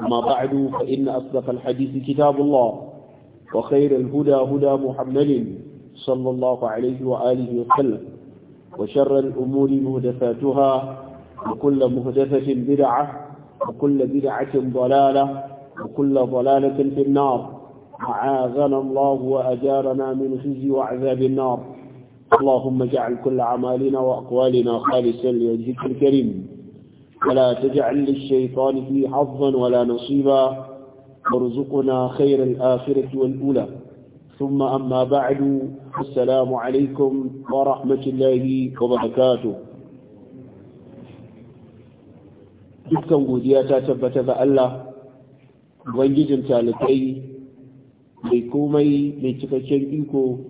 أما بعد فإن أصدق الحديث كتاب الله وخير الهدى هدى محمد صلى الله عليه وآله وسلم وشر الأمور مهدفاتها وكل مهدفة بدعة وكل بدعة ضلالة وكل ضلالة في النار أعاذنا الله وأجارنا من خزي وعذاب النار اللهم اجعل كل أعمالنا وأقوالنا خالصا لوجهك الكريم ولا تجعل للشيطان في حظا ولا نصيبا وارزقنا خير الآخرة والأولى ثم أما بعد السلام عليكم ورحمة الله وبركاته dukkan godiya ta tabbata ga Allah ubangijin talibai mai komai mai cikakken iko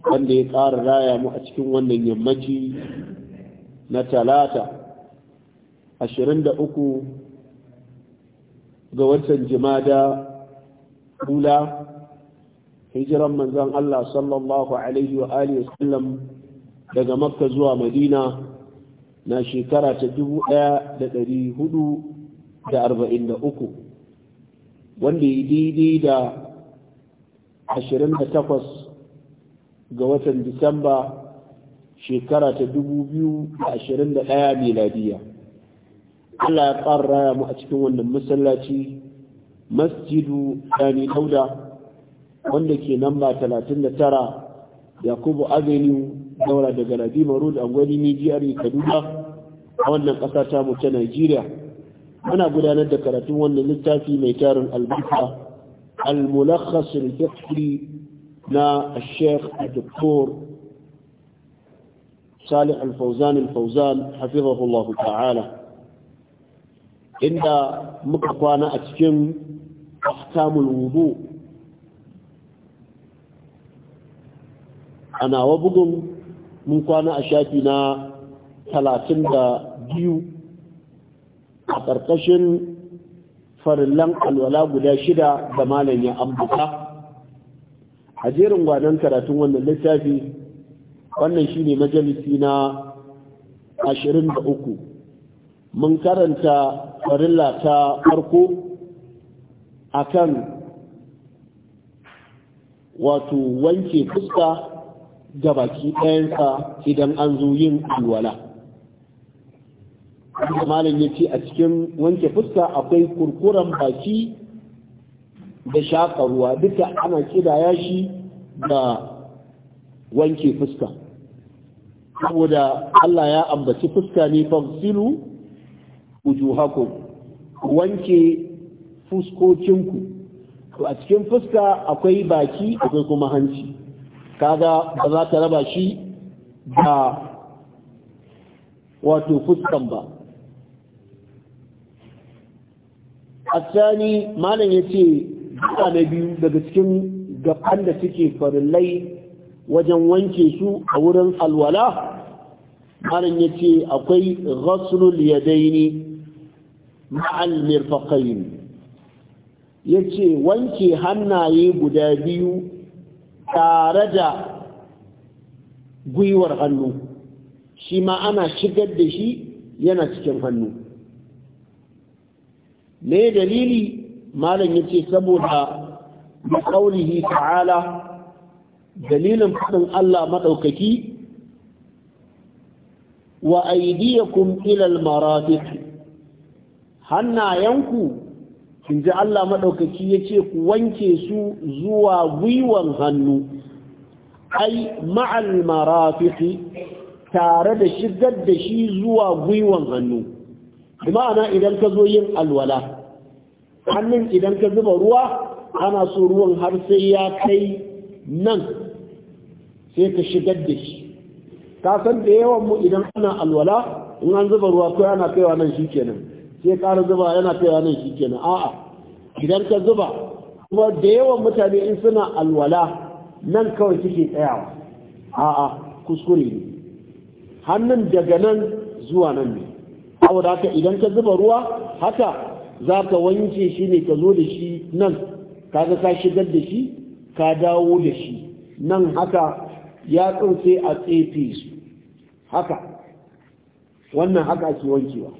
wanda ya ƙara raya mu a cikin wannan yammaci na talata 23 ga watan jimada kula hijiran manzan Allah sallallahu alaihi wa alihi wasallam daga makka zuwa madina na shekara ta 1443 wanda ya daidai da 28 ga watan disamba shekara ta 2021 miladiyya Allah ya ƙara raya mu a cikin wannan masallaci masjidu dani dauda wanda ke namba tara, yakubu avenue daura daga Rabi road a gwani nijiyar e, kaduna a wannan ƙasa ta mu ta nigeria muna gudanar da karatun wannan littafi mai tarin albarka al-mulakhas fiqhi na al-sheikh al-doktor salih al-fawzan al-fawzan hafizahullahu ta'ala inda muka kwana a cikin ahkamul wudu a nawa bugun mun kwana a shafi na talatin da biyu a ƙarƙashin farillan alwala guda shida da malam ya ambuka a jerin gwanon karatun wannan littafi wannan shine majalisi na ashirin mun karanta farilla ta farko akan wato wanke fuska da baki ɗayansa idan an zo yin alwala malam ya ce a cikin wanke fuska akwai kurkuren baki da shaƙa ruwa duka ana kidaya shi da wanke fuska saboda Allah ya ambaci fuska ne silu. wujuhakum wanke fuskokinku to a cikin fuska akwai baki akwai kuma hanci kaga ba za ta raba shi da wato fuskan ba A asani malam ya ce duka na biyu daga cikin gaban da suke farillai wajen wanke su a wurin alwala malam ya ce akwai rasulul yadaini ma'al ya yace wanke hannaye guda biyu tare da gwiwar hannu shi ma ana shigar da shi yana cikin hannu me dalili malam yace saboda bi ta'ala dalilin faɗin Allah maɗaukaki. wa aydiyakum ilal al hannayenku in ji Allah maɗaukaki ya ce ku wanke su zuwa gwiwon hannu ai ma'al marafiki tare da shigar da shi zuwa gwiwan hannu ma'ana idan ka zo yin alwala hannun idan ka zuba ruwa ana so ruwan har sai ya kai nan sai ka shigar da shi ka san da yawan idan ana alwala in an zuba ruwa ko ana kaiwa nan kenan. sai ƙara zuba yana kaiwa nan shi kenan a'a idan ka zuba kuma da yawan mutane in suna alwala nan kawai suke tsayawa a'a kuskure ne hannun daga nan zuwa nan ne saboda haka idan ka zuba ruwa haka za ka wanke shi ne ka zo da shi nan ka ga ka shigar da shi ka dawo da shi nan haka ya sai a tsefe su haka wannan haka ake wankewa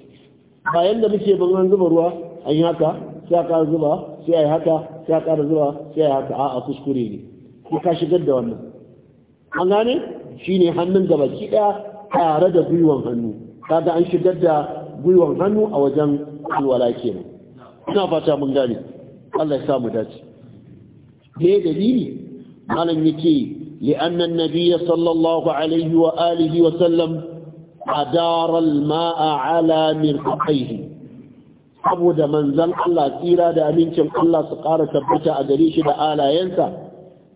ba yadda muke ban zuba ruwa an yi haka sai aka zuba sai yi haka sai aka zuba sai yi haka a'a kuskure ne ko ka shigar da wannan an gane Shi ne hannun gaba ki daya tare da gwiwan hannu kaga an shigar da gwiwan hannu a wajen alwala kenan ina fata mun gane Allah ya sa mu dace me dalili malam yake li anna an sallallahu alaihi wa alihi wa sallam A adara al-ma'a ala mirqaihi saboda manzon Allah tsira da amincin Allah su ƙara tabbata a gare shi da alayensa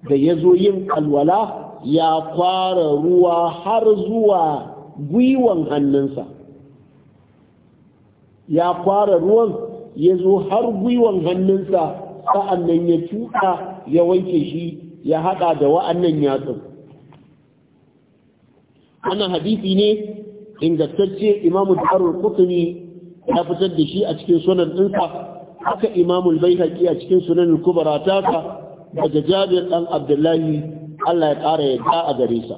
da yazo yin kalwala, ya fara ruwa har zuwa gwiwan hannunsa ya fara ruwan ya zo har gwiwan hannunsa sa'annan ya tuka ya wanke shi ya haɗa da wa'annan yatsun wannan hadisi ne ingantacce imamu darul kutubi ya fitar da shi a cikin sunan ɗinsa haka imamul baihaqi a cikin sunan al-kubra taka daga jabir dan abdullahi Allah ya ƙara yadda a gare sa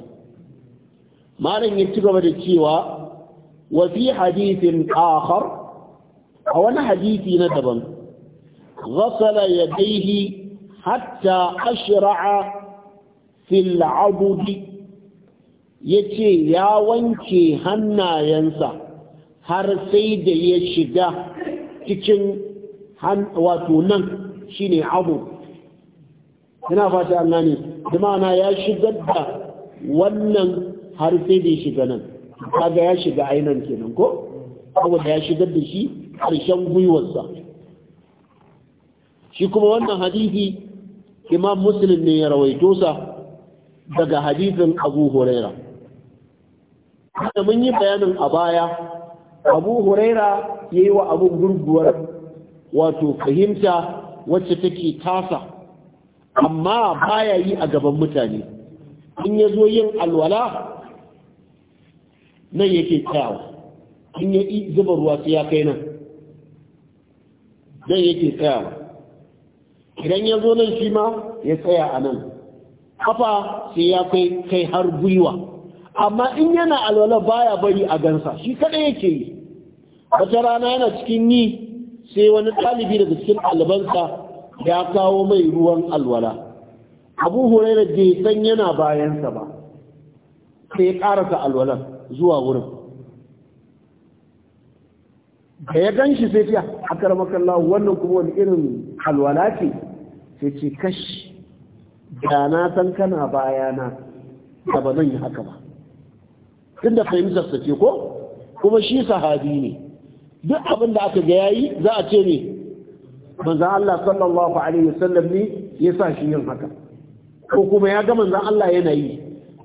malam ya ci gaba da cewa wa fi hadithin akhar a wani hadisi na daban ghasala yadayhi hatta ashra'a fil 'abdi ya ce ya wanke hannayensa har sai da ya shiga cikin wato nan shine abu yana fata an gane da ma'ana ya shigar da wannan har sai da ya shiga nan kaga ya shiga ainihin kenan ko saboda ya shigar da shi harshen gwiwarsa shi kuma wannan hadithi imam muslim ne ya rawaito sa daga hadithin abu huraira haɗa mun yi bayanin a baya abu huraira ya yi wa abin gurguwar wato fahimta wacce take tasa amma baya yi a gaban mutane in ya zo yin alwala nan yake tsayawa in ya yi zuba ruwa sai ya kai nan nan yake tsayawa idan ya zo nan shi ma ya tsaya a nan kafa sai ya kai kai har gwiwa amma in yana alwala baya bari a gansa shi kadai yake yi wata rana yana cikin yi sai wani ɗalibi daga cikin albansa ya kawo mai ruwan alwala abu huraira ke san yana bayansa ba sai ya karasa alwalan zuwa wurin da ya gan shi sai fiya a karmakallahu wannan kuma wani irin alwala ce sai ce kashi da na san kana bayana da ba zan yi haka ba tun da fahimtar ce ko kuma shi sahabi ne duk abin da aka ga yayi za a ce ne manzon Allah sallallahu alaihi wasallam ne ya sa shi yin haka ko kuma ya ga manzon Allah yana yi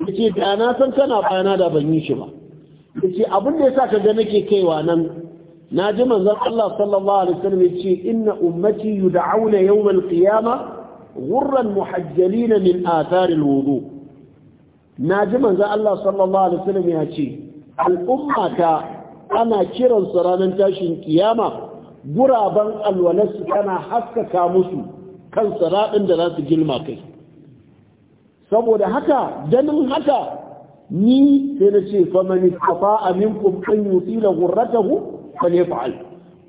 yace da na san kana bayana da ban yi shi ba yace abin da yasa ka ga nake kaiwa nan na ji manzon Allah sallallahu alaihi wasallam ya ce inna ummati yud'auna yawm al-qiyama ghurran muhajjalin min athar al-wudu na ji manzo Allah sallallahu alaihi wasallam ya ce ta ana su ranar tashin kiyama guraben alwalarsu tana haskaka musu kan siraɗin da za su gilma kai saboda haka ganin haka ni sai na ce faman istafa aminkum an yutila ghurratahu falyaf'al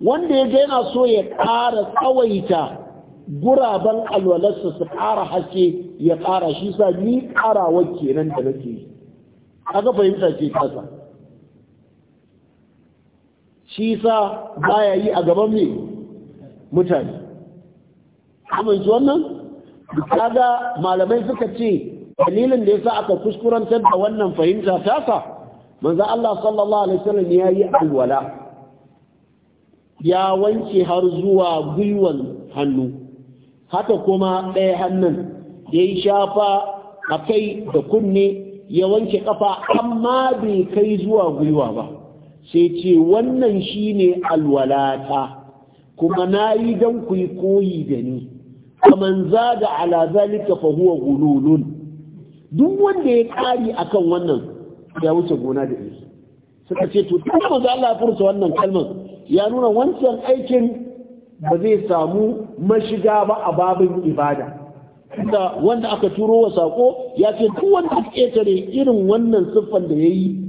wanda yaga yana so ya ƙara tsawaita guraben alwalarsa su ƙara haske ya ƙara shi sa ni ƙarawar kenan da nake yi aka fahimta ce kasa shi sa baya yi a gaban mai mutane amince wannan kaga malamai suka ce dalilin da ya sa aka kuskurantar da wannan fahimta tasa manzo Allah sallallahu alaihi wasallam ya yi alwala ya wanke har zuwa gwiwan hannu haka kuma ɗaya hannun ya yi shafa a kai da kunne ya wanke ƙafa, amma bai kai zuwa gwiwa ba sai ce wannan shi ne alwalata kuma na yi don ku yi koyi da ni kaman zaga da alazalika fahuwa gululun duk wanda ya a kan wannan ya wuce gona da iri suka ce to kuma maza a furta wannan kalmar ya nuna wancan aikin ba zai samu mashiga ba a babin ibada da wanda aka turo wa sako ya ce duk wanda aka ƙetare irin wannan siffan da ya yi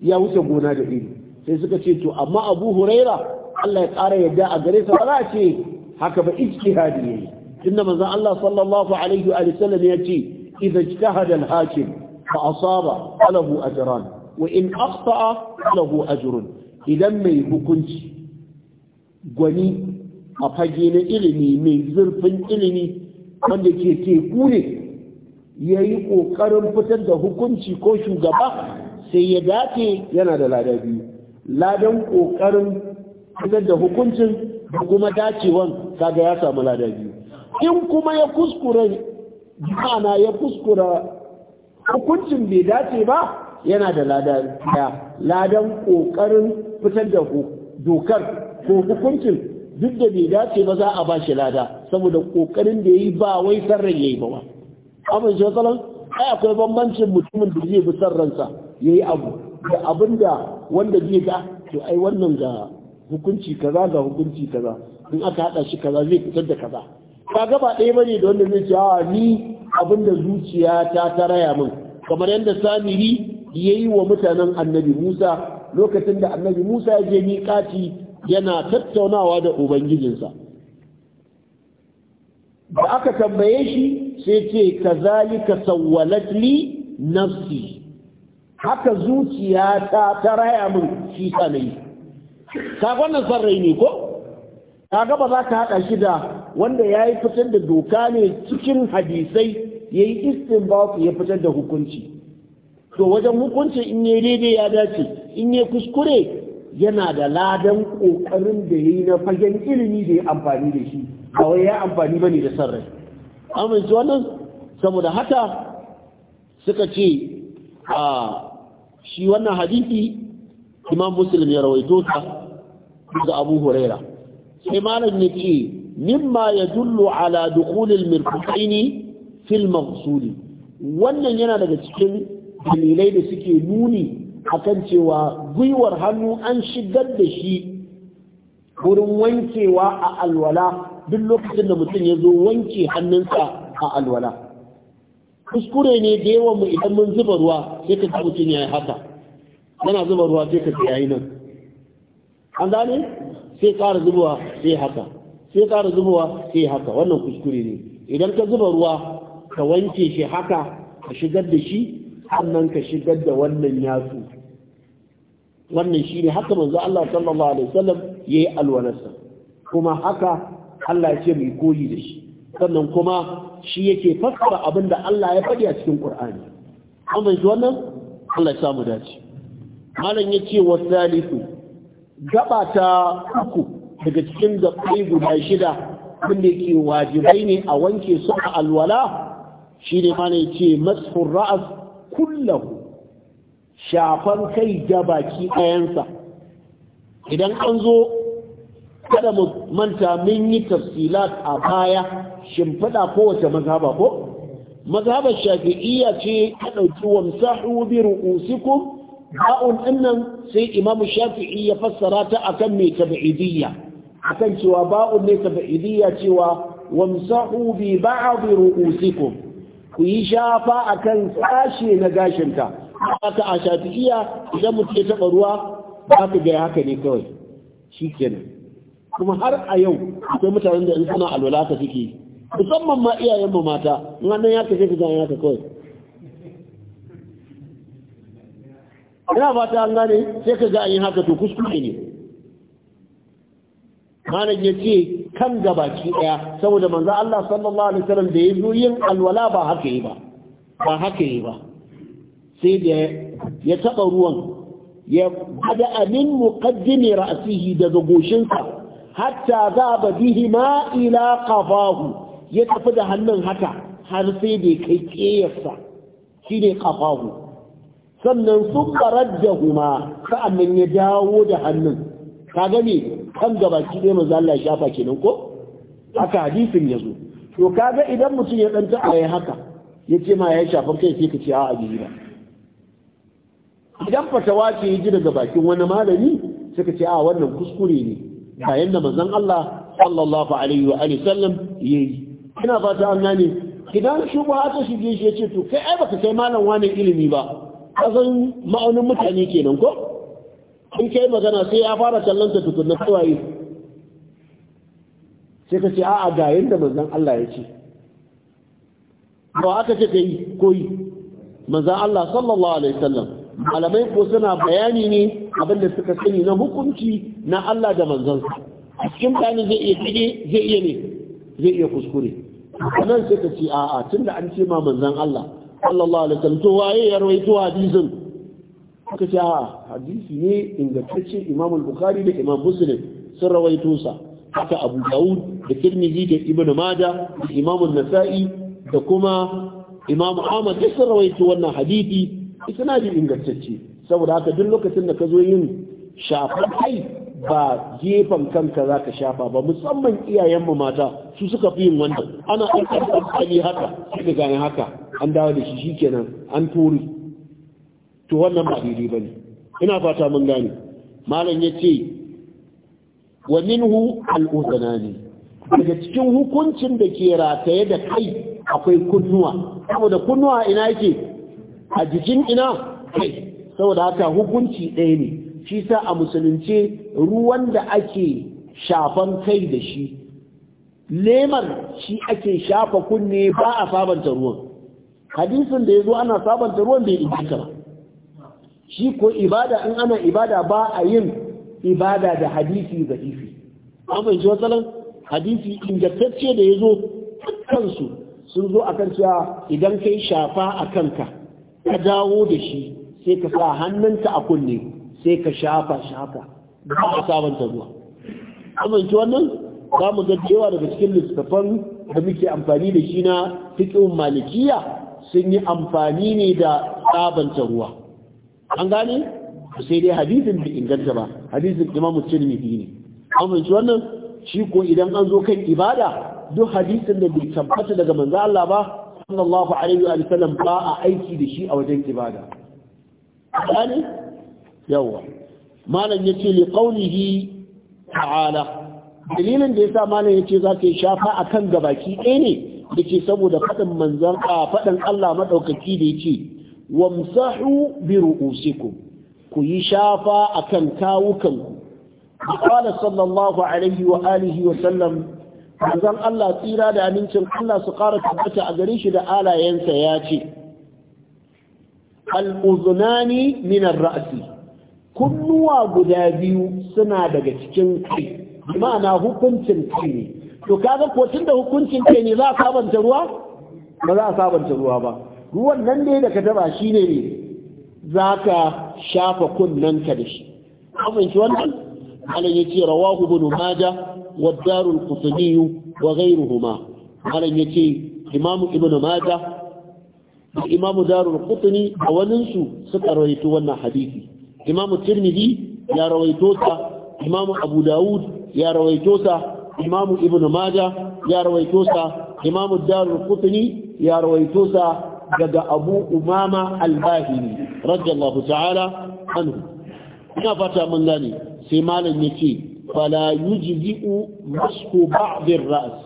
ya wuce gona da iri sai suka ce to amma abu huraira Allah ya ƙara yadda a gare sa ba za a ce haka ba ya yi inda manzo Allah sallallahu alaihi wa sallam ya ce idza ijtahada hadal hakim saba asaba falahu ajran wa in akhta'a falahu ajrun idan mai hukunci gwani a fage na ilimi mai zurfin ilimi wanda ke teku ne ya yi ƙoƙarin fitar da hukunci ko shugaba sai ya dace yana da lada biyu ladan ƙoƙarin fitar da hukuncin da kuma dacewan kaga ya samu lada biyu in kuma ya kuskura, ma'ana ya kuskura hukuncin bai dace ba yana da ladan ladan ƙoƙarin fitar da dokar ko hukuncin duk da bai dace ba za a ba shi lada saboda kokarin da ya yi ba wai san ran yi ba ba abin shi salon ai akwai bambancin mutumin da zai bi san ransa yi abu da abinda wanda zai ga to ai wannan ga hukunci kaza ga hukunci kaza in aka haɗa shi kaza zai fitar da kaza kaga ba ɗaya bane da wanda zai ce a ni da zuciya ta taraya min kamar yadda samiri yayi wa mutanen annabi Musa lokacin da annabi Musa ya je miƙati yana tattaunawa da ubangijinsa da aka tambaye shi sai ce kazalika sawwalat li nafsi haka zuciya ta taraya raya min shi sanayi ka wannan san rai ne ko kaga ba za ka hada shi da wanda ya yi fitar da doka ne cikin hadisai ya yi istinbat ya fitar da hukunci to wajen hukunci in yi daidai ya dace in yi kuskure yana da ladan ƙoƙarin da ya yi na fagen ilimi da ya amfani da shi a wai ya amfani bane da sarrai amince wannan saboda haka suka ce a shi wannan hadisi imam muslim ya rawaito ta daga abu huraira sai malam ya ce mimma ya dullu ala dukulil mirfukaini fil maghsuli wannan yana daga cikin dalilai da suke nuni akan cewa gwiwar hannu an shigar da shi wurin wankewa a alwala duk lokacin da mutum ya zo wanke hannunsa a alwala kuskure ne da yawan mu idan mun zuba ruwa sai ka ga mutum ya yi haka yana zuba ruwa sai ka ya yi nan an gane sai ƙara zubawa sai haka sai ƙara zubawa sai haka wannan kuskure ne idan ka zuba ruwa ka wanke shi haka ka shigar da shi sannan ka shigar da wannan yatsu wannan shi ne haka manzo Allah sallallahu alaihi wasallam yayi alwalarsa kuma haka Allah yake mai koyi da shi sannan kuma shi yake fassara abinda Allah ya faɗi a cikin Qur'ani kuma manzo wannan Allah ya samu dace malam yace wa gaba ta uku daga cikin gabai guda shida wanda yake wajibai ne a wanke su a alwala Shi shine malam yace masfur ra'as kullahu shafan kai ga baki ɗayansa idan an zo kada mu manta mun yi tafsilat a baya shimfiɗa kowace mazhaba ko mazhabar shafi'iyya ce ta ɗauki wamsahu bi ru'usikum ba'un ɗinnan sai imamu shafi'i ya fassara ta akan mai tabi'idiyya akan cewa ba'un ne tabi'idiyya cewa wamsahu bi ba'd ru'usikum ku yi shafa akan sashe na gashinta aka a shafi'iya idan mutum ya taɓa ruwa ba ka gaya haka ne kawai shi kenan kuma har a yau akwai mutanen da in suna alwala ka suke musamman ma iyayen mu mata in wannan ya kace kaza ya ka kawai ina fata an gane sai ka ga an yi haka to kuskure ne malam ya ce kan gabaki ɗaya, saboda manzo Allah sallallahu alaihi wasallam da ya zo yin alwala ba haka yi ba ba haka yi ba sai da ya taɓa ruwan ya bada amin muqaddimi ra'sihi daga goshinsa hatta zaba bihi ma ila qafahu ya tafi da hannun haka har sai da kai kiyarsa shine qafahu sannan sun barajjahuma sa'annan ya dawo da hannun ka gane kan gabaki ɗaya manzo Allah ya shafa kenan ko haka hadisin ya zo to kaga idan mutum ya danta ya haka yace ma ya shafa kai sai ka ce a'a ba idan fatawa ce ya ji daga bakin wani malami suka ce a wannan kuskure ne ga yadda mazan Allah sallallahu alaihi wa alihi sallam ya yi. ina fata an gane idan shubha ta shige shi ya ce to kai ai baka kai malam wani ilimi ba kasan ma'aunin mutane kenan ko in kai magana sai ya fara tallanta tukunna tawaye sai ka ce a'a ga yanda mazan Allah ya ce ba aka ce yi koyi mazan Allah sallallahu alaihi sallam. malamai ko suna bayani ne abinda suka sani na hukunci na Allah da manzansa a cikin bayanin zai iya tsige zai iya ne zai iya kuskure nan sai ka ce a'a tunda an ce ma manzan Allah sallallahu alaihi wasallam to waye ya rawaito hadisin ka ce a'a hadisi ne ingantacce Imam al-Bukhari da Imam Muslim sun rawaito sa haka Abu Dawud da Tirmidhi da Ibn Majah da Imam an-Nasa'i da kuma Imam Ahmad da sun rawaito wannan hadisi ji ingantacce saboda haka duk lokacin da ka zo yin shafan kai ba gefen kanka za ka shafa ba musamman iyayenmu mata su suka fi yin wannan ana karɓar kani haka sai ga haka an dawo da shi shikenan an turi to wannan ba daidai ba ne ina fata mun gane malam ya ce wa minhu al'uzana ne daga cikin hukuncin da ke rataye da kai akwai kunnuwa saboda kunnuwa ina yake a jikin ina kai saboda haka hukunci ɗaya ne shi sa a musulunce ruwan da ake shafan kai da shi lemar shi ake shafa kunne ba a sabanta ruwan hadisin da ya zo ana sabanta ruwan bai inganta ba shi ko ibada in ana ibada ba a yin ibada da hadisi ga ifi amma ji watsalan hadisi ingantacce da ya zo kansu sun zo a kan cewa idan kai shafa a kanka ka dawo da shi sai ka sa hannunta a kunne sai ka shafa shafa ba a sabanta ruwa amince wannan za mu daga cikin littattafan da muke amfani da shi na fiƙin malikiya sun yi amfani ne da sabanta ruwa an gane sai dai hadisin bai inganta ba hadisin imamu tirmidhi ne amince wannan shi ko idan an zo kan ibada duk hadisin da bai tabbata daga manzo Allah ba sallallahu alaihi wa sallam ba a aiki da shi a wajen ibada gane yawa malam yace li qawlihi ta'ala dalilin da yasa malam yace za ka shafa akan gabaki ɗaya ne yace saboda fadin manzon a fadin Allah madaukaki da yace wamsahu bi ru'usikum ku yi shafa akan kawukanku qala sallallahu alaihi wa alihi wa sallam manzon Allah tsira da amincin Allah su ƙara tabbata a gare shi da alayensa ya ce Al’uzunani minar ra’asi, kunnuwa guda biyu suna daga cikin kai ma'ana hukuncin kai ne to kaga ko da hukuncin kai ne za a sabanta ruwa ba za a sabanta ruwa ba ruwan nan ne da ka taba shi ne ne. Za ka shafa kunnanka da shi abin shi wannan Allah ya ce rawahu bin majah والدار القطني وغيرهما على يتي إمام ابن ماجه إمام دار القطني وننسو سترويت ونا حديثي إمام الترمذي يا رويتوسا إمام أبو داود يا رويتوسا إمام ابن ماجه يا رويتوسا إمام الدار القطني يا رويتوسا جد أبو أمامة الباهلي رضي الله تعالى عنه ina fata mun gane sai malam yake fala yujzi'u masku ba'd ar-ra's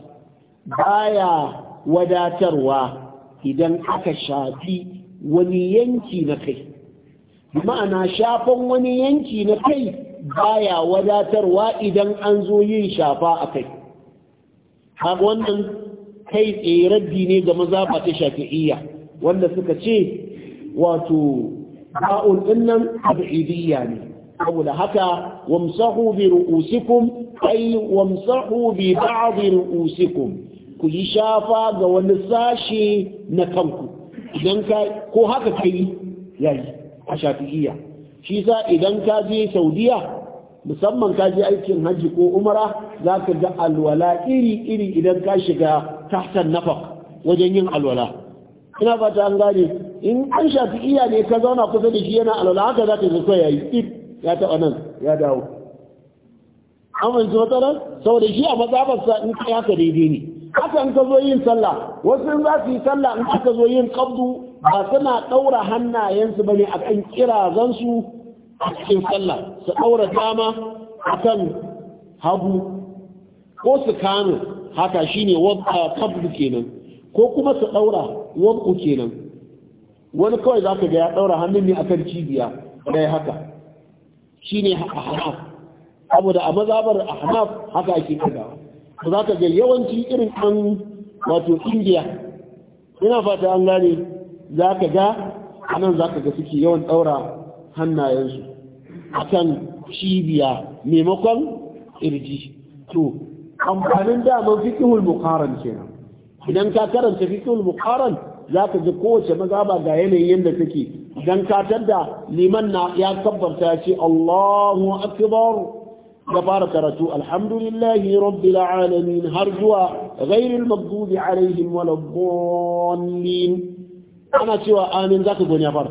baya wadatarwa idan aka shafi wani yanki na kai ma'ana shafan wani yanki na kai baya wadatarwa idan an zo yin shafa a kai haka wannan kai tsaye raddi ne ga maza ba ta shafi'iyya wanda suka ce wato ba'un ɗinnan abu ne da haka wamsahu bi ru'usikum ay wamsahu bi ba'd ru'usikum ku yi shafa ga wani sashi na kanku idan ka ko haka kai yayi a shafi'iyya shi sa idan ka je saudiya musamman ka je aikin hajji ko umara za ka ga alwala iri-iri idan ka shiga tahtan nafak wajen yin alwala ina fata an gane in an shafi iya ne ka zauna kusa da shi yana alwala haka za ka ga yayi ya taɓa nan ya dawo amin su wata da shi a matsabarsa in ka yaka daidai ne haka in ka zo yin sallah wasu in za su yi sallah in aka zo yin kabdu ba suna ɗaura hannayensu ba ne a kan kirazansu a cikin sallah su ɗaura dama a kan hagu ko su kano haka ne wata kabdu kenan ko kuma su ɗaura kenan wani kawai za ka ga ya ɗaura hannun ne a kan cibiya ɗaya haka Shi shine ahnaf da a mazabar ahnaf haka ake kadawa ba za ka ga yawanci irin an wato indiya ina fata an gane za ka ga anan za ka ga suke yawan ɗaura hannayensu akan cibiya maimakon irji to amfanin daman fikihul ke kenan idan ka karanta fikihul muqaran za ka ji kowace mazaba ga yanayin yadda take idan ka liman na ya kabbarta ya ce Allahu akbar da fara karatu alhamdulillahi rabbil alamin har zuwa ghairil maghdubi alaihim waladdallin ana cewa amin zaka gani ya fara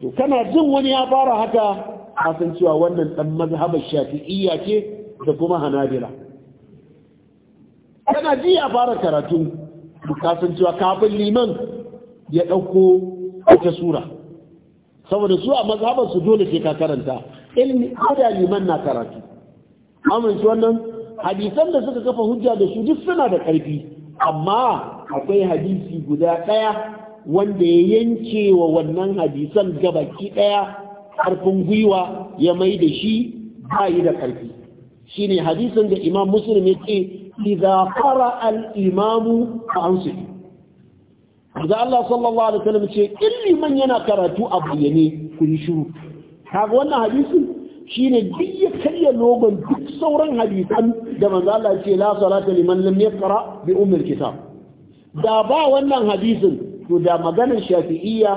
to kana jin wani ya fara haka a san cewa wannan dan mazhabar shafi'iyya ce da kuma hanabila kana ji a fara karatu kasan cewa kafin liman ya ɗauko wata sura saboda su a mazhabar su dole sai ka karanta ilmi ko da liman na karatu amince wannan hadisan da suka kafa hujja da su duk suna da ƙarfi amma akwai hadisi guda ɗaya wanda ya yanke wa wannan hadisan gabaki ɗaya ƙarfin gwiwa ya mai da shi bayi da ƙarfi shine hadisin da imam muslim ya idza qara al-imamu ansitu da Allah sallallahu alaihi wasallam ce illiman yana karatu a bayyane ku shiru kaga wannan hadisin shine duk karya logon duk sauran hadisan da manzo Allah ce la salata liman lam yaqra bi ummil kitab da ba wannan hadisin to da maganar shafi'iyya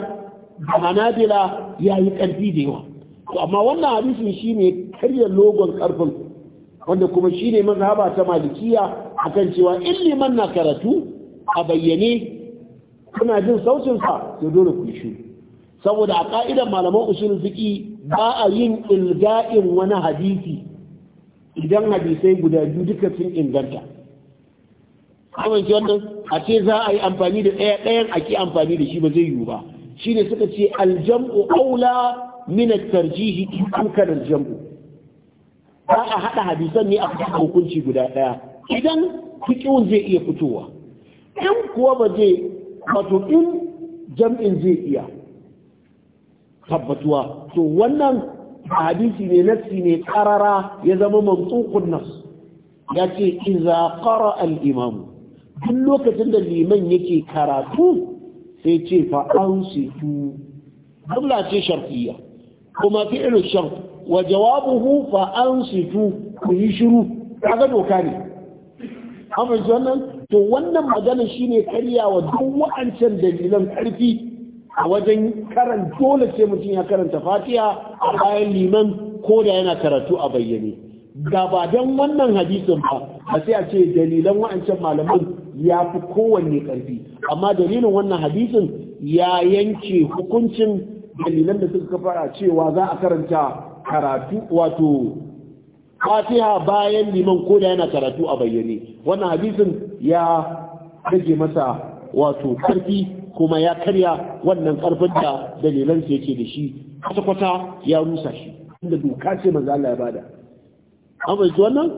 da hanabila yayi karfi da yawa to amma wannan hadisin shine karya logon karfin wanda kuma shi ne mazhaba ta malikiya kan cewa in liman na karatu a bayyane kuna jin sautinsa to dole ku shi saboda a ka'idar malaman usul fiqi ba a yin ilga'in wani hadisi idan hadisai guda biyu duka sun inganta kawai wannan a ce za a yi amfani da ɗaya ɗayan a ki amfani da shi ba zai yiwu ba Shi ne suka ce aljam'u aula min at-tarjihi in kana jam'u ba a haɗa hadisan ne a kusa hukunci guda ɗaya idan fikiyun zai iya fitowa in kuwa ba zai wato in jam'in zai iya tabbatuwa to wannan hadisi ne nassi ne karara ya zama mantsukun nas ya ce iza qara al imam duk lokacin da liman yake karatu sai ce fa su jumla ce shar'iyya kuma fi'lu shart wa jawabuhu fa ansitu ku yi shiru kaga doka ne wannan to wannan magana shine karya wa duk wa'ancan dalilan karfi a wajen karan dole sai mutum ya karanta fatiha a bayan liman ko da yana karatu a bayyane da ba don wannan hadisin ba a sai a ce dalilan wa'ancan malaman ya fi kowanne karfi amma dalilin wannan hadisin ya yanke hukuncin dalilan da suka fara cewa za a karanta karatu wato fatiha bayan liman koda yana karatu a bayyane wannan hadisin ya rage masa wato karfi kuma ya karya wannan karfin da dalilan sa yake da shi kwata kwata ya rusa shi inda doka ce manzo Allah ya bada amma bai wannan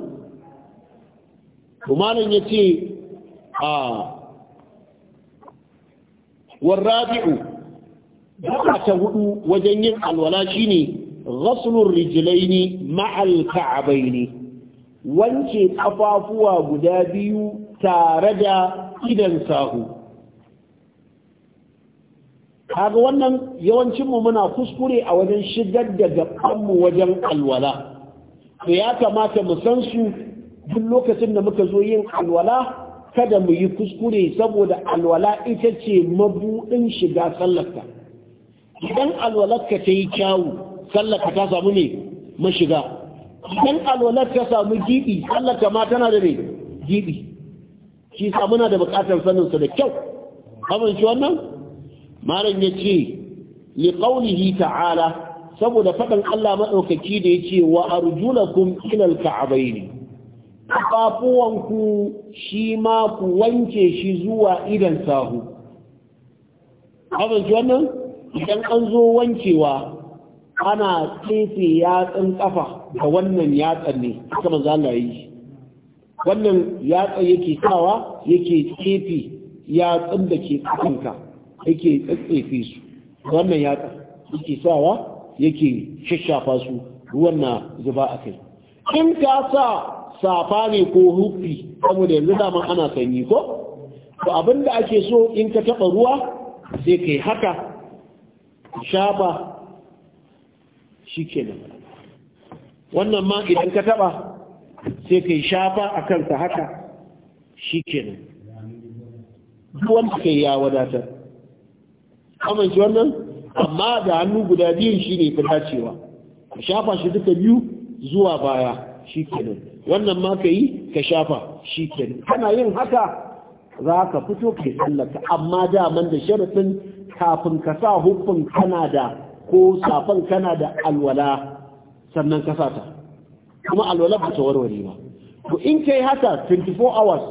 kuma nan yace a warrabi'u ta hudu wajen yin alwala shine ghaslur rijlaini ma'al ne. wanke kafafuwa guda biyu tare da idan sahu kaga wannan yawancin mu muna kuskure a wajen shigar da gaban mu wajen alwala to ya kamata mu san su duk lokacin da muka zo yin alwala kada mu yi kuskure saboda alwala ita ce mabuɗin shiga sallarka idan alwalarka ta yi kyawu sallaka ta samu ne mashiga idan alwalar ta samu gibi sallaka ma tana da ne gibi shi sa muna da bukatar saninsa da kyau kamar shi wannan malam ya ce liƙaunihi ta'ala saboda faɗin Allah maɗaukaki da ya ce wa arjulakum ilal ne? ku shi ma ku wanke shi zuwa idan sahu kamar shi wannan idan an zo wankewa ana tsefe yatsun kafa da wannan yatsan ne haka manzo Allah yi wannan yatsa yake sawa yake tsefe yatsun da ke kafanka yake tsetsefe su wannan yatsa yake sawa yake shashafa su ruwan na zuba a kai in ka sa safa ne ko hufi saboda yanzu zaman ana sanyi ko to abinda ake so in ka taba ruwa sai kai haka shafa shi kenan wannan ma idan ka taba sai ka yi shafa a kansa haka shi kenan wanda ka yi ya wadatar amince wannan amma da hannu guda biyun shi ne fi dacewa ka shafa shi duka biyu zuwa baya shi kenan wannan ma ka yi ka shafa shi kenan kana yin haka za ka fito ka yi tsallaka amma daman da sharaɗin kafin ka sa hukun kana da ko safan kana da alwala sannan ka sata kuma alwala ba ta warware ba to in kai haka 24 hours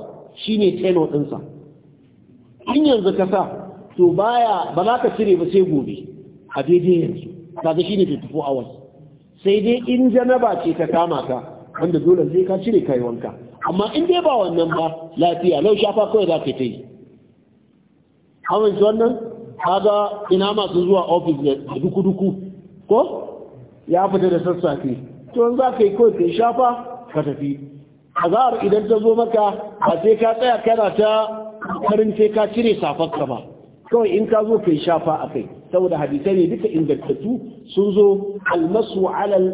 shine tenor ɗinsa in yanzu ka sa to baya ba za ka cire ba sai gobe a daidai yanzu kaga shine 24 hours sai dai in janaba ce ta kama ka wanda dole zai ka cire kai wanka amma in dai ba wannan ba lafiya lau shafa kawai za ka yi ta yi wannan ga ina masu zuwa ofis da duku-duku ko ya fita da sassafe to za ka yi kawai kai shafa ka tafi azahar idan ta zo maka ba sai ka tsaya kana ta karin sai ka cire safarka ba kawai in ka zo kai shafa a kai saboda hadisai ne duka ingantattu sun zo almasu alal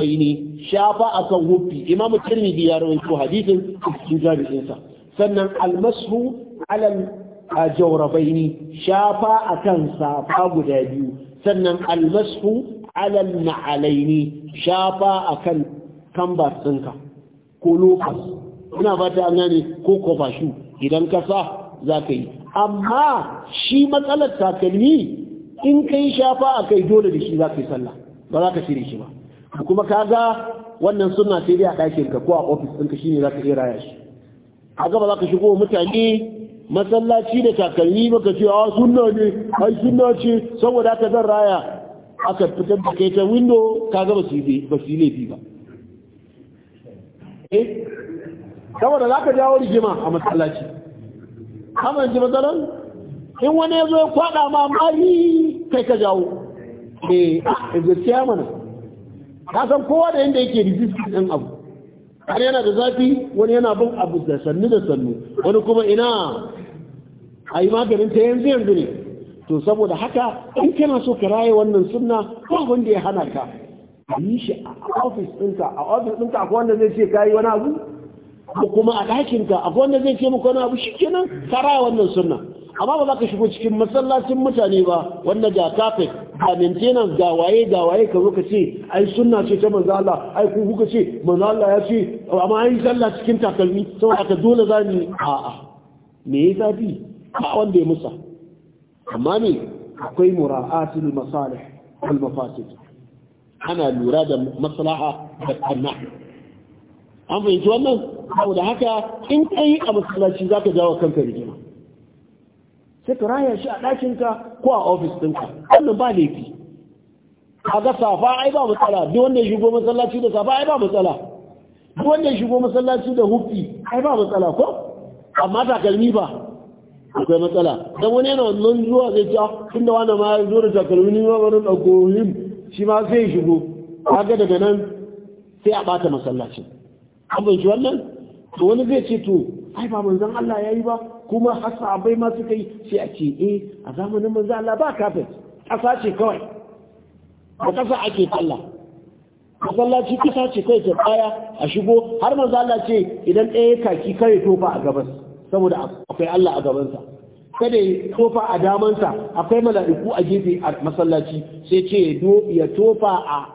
ne. shafa akan hufi imamu tirmidhi ya rawaito hadisin cikin jami'insa sannan almasu alal a ne shafa akan safa guda biyu sannan almasu alal na'alaini shafa akan kambas ɗinka ko lokas ina fata an gane ko kofashu idan ka sa za ka yi amma shi matsalar takalmi in ka yi shafa a kai dole da shi za ka yi sallah ba za ka shirya shi ba kuma ka ga wannan suna sai dai a ɗakin ka ko a ofis ɗinka shi ne za ka iya raya shi a gaba za ka shigo mutane masallaci da takalmi baka ce a ah, sunna ne ai sunna ce saboda aka zan raya aka fitar da kai ta window kaga ba su ba su laifi ba eh saboda za ka jawo rigima a masallaci kama yanzu masallan, in wani ya zo ya kwada ma mari kai ka jawo eh gaskiya mana ka san kowa da yanda yake resistance din abu har yana da zafi wani yana bin abu da sannu da sannu wani kuma ina a yi maganin ta yanzu yanzu ne to saboda haka in kana so ka raye wannan sunna ba wanda ya hana ka yi shi a ofis ɗinka a ofis ɗinka akwai wanda zai ce ka yi wani abu ko kuma a ka akwai wanda zai ce maka wani abu shi kenan ka raye wannan sunna amma ba za ka shigo cikin masallacin mutane ba wanda ga kafet ga maintenance ga waye ga waye ka zo ka ce ai sunna ce ta manzo Allah ai ku kuka ce manzo Allah ya ce amma ai sallah cikin takalmi saboda ka dole za ni a'a me yasa bi ba wanda ya musa amma ne akwai mura'atul masalih wal mafasid ana lura da maslaha da kanna an fahimci wannan saboda haka in kai a masallaci zaka jawo kanka rigima sai ka raya shi a ɗakinka ko a ofis ɗinka wannan ba laifi kaga safa ai ba matsala duk wanda ya shigo masallaci da safa ai ba matsala duk wanda ya shigo masallaci da hufi ai ba matsala ko amma takalmi ba akwai matsala dan wani yana wannan zuwa zai ci ah, tun da wani ma zo da takalmi ne ma bari dauko shi ma sai shigo kaga daga nan sai a bata masallacin an ban shi wannan to wani zai ce to ai ba manzon Allah yayi ba kuma har sahabbai ma suka yi sai a ce eh a zamanin manzon Allah ba kafin ƙasa ce kawai a ƙasa ake talla. masallaci kasa ce kai ta baya a shigo har manzon Allah ce idan ɗaya kaki kare tofa a gabas saboda akwai Allah a gabansa kada ya tofa a damansa akwai mala'iku a gefe a masallaci sai ce ya tofa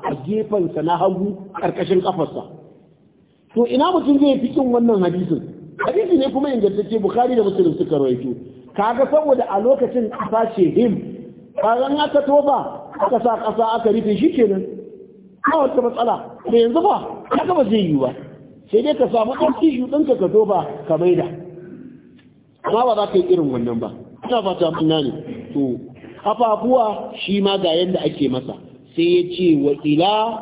a gefensa na hagu ƙarƙashin ƙafarsa. to ina mutum zai fi kin wannan hadisin hadisi ne kuma ingantacce bukari da musulun suka rawaito kaga saboda a lokacin ƙasa ce him kagan aka tofa aka sa ƙasa aka rufe shi kenan ba wata matsala to yanzu ba kaga ba zai yi ba sai dai ka samu ɗan kishu ɗinka ka tofa ka maida amma ba za ka yi irin wannan ba ina fata mun nani to afafuwa shi ma ga yanda ake masa sai ya ce wa ila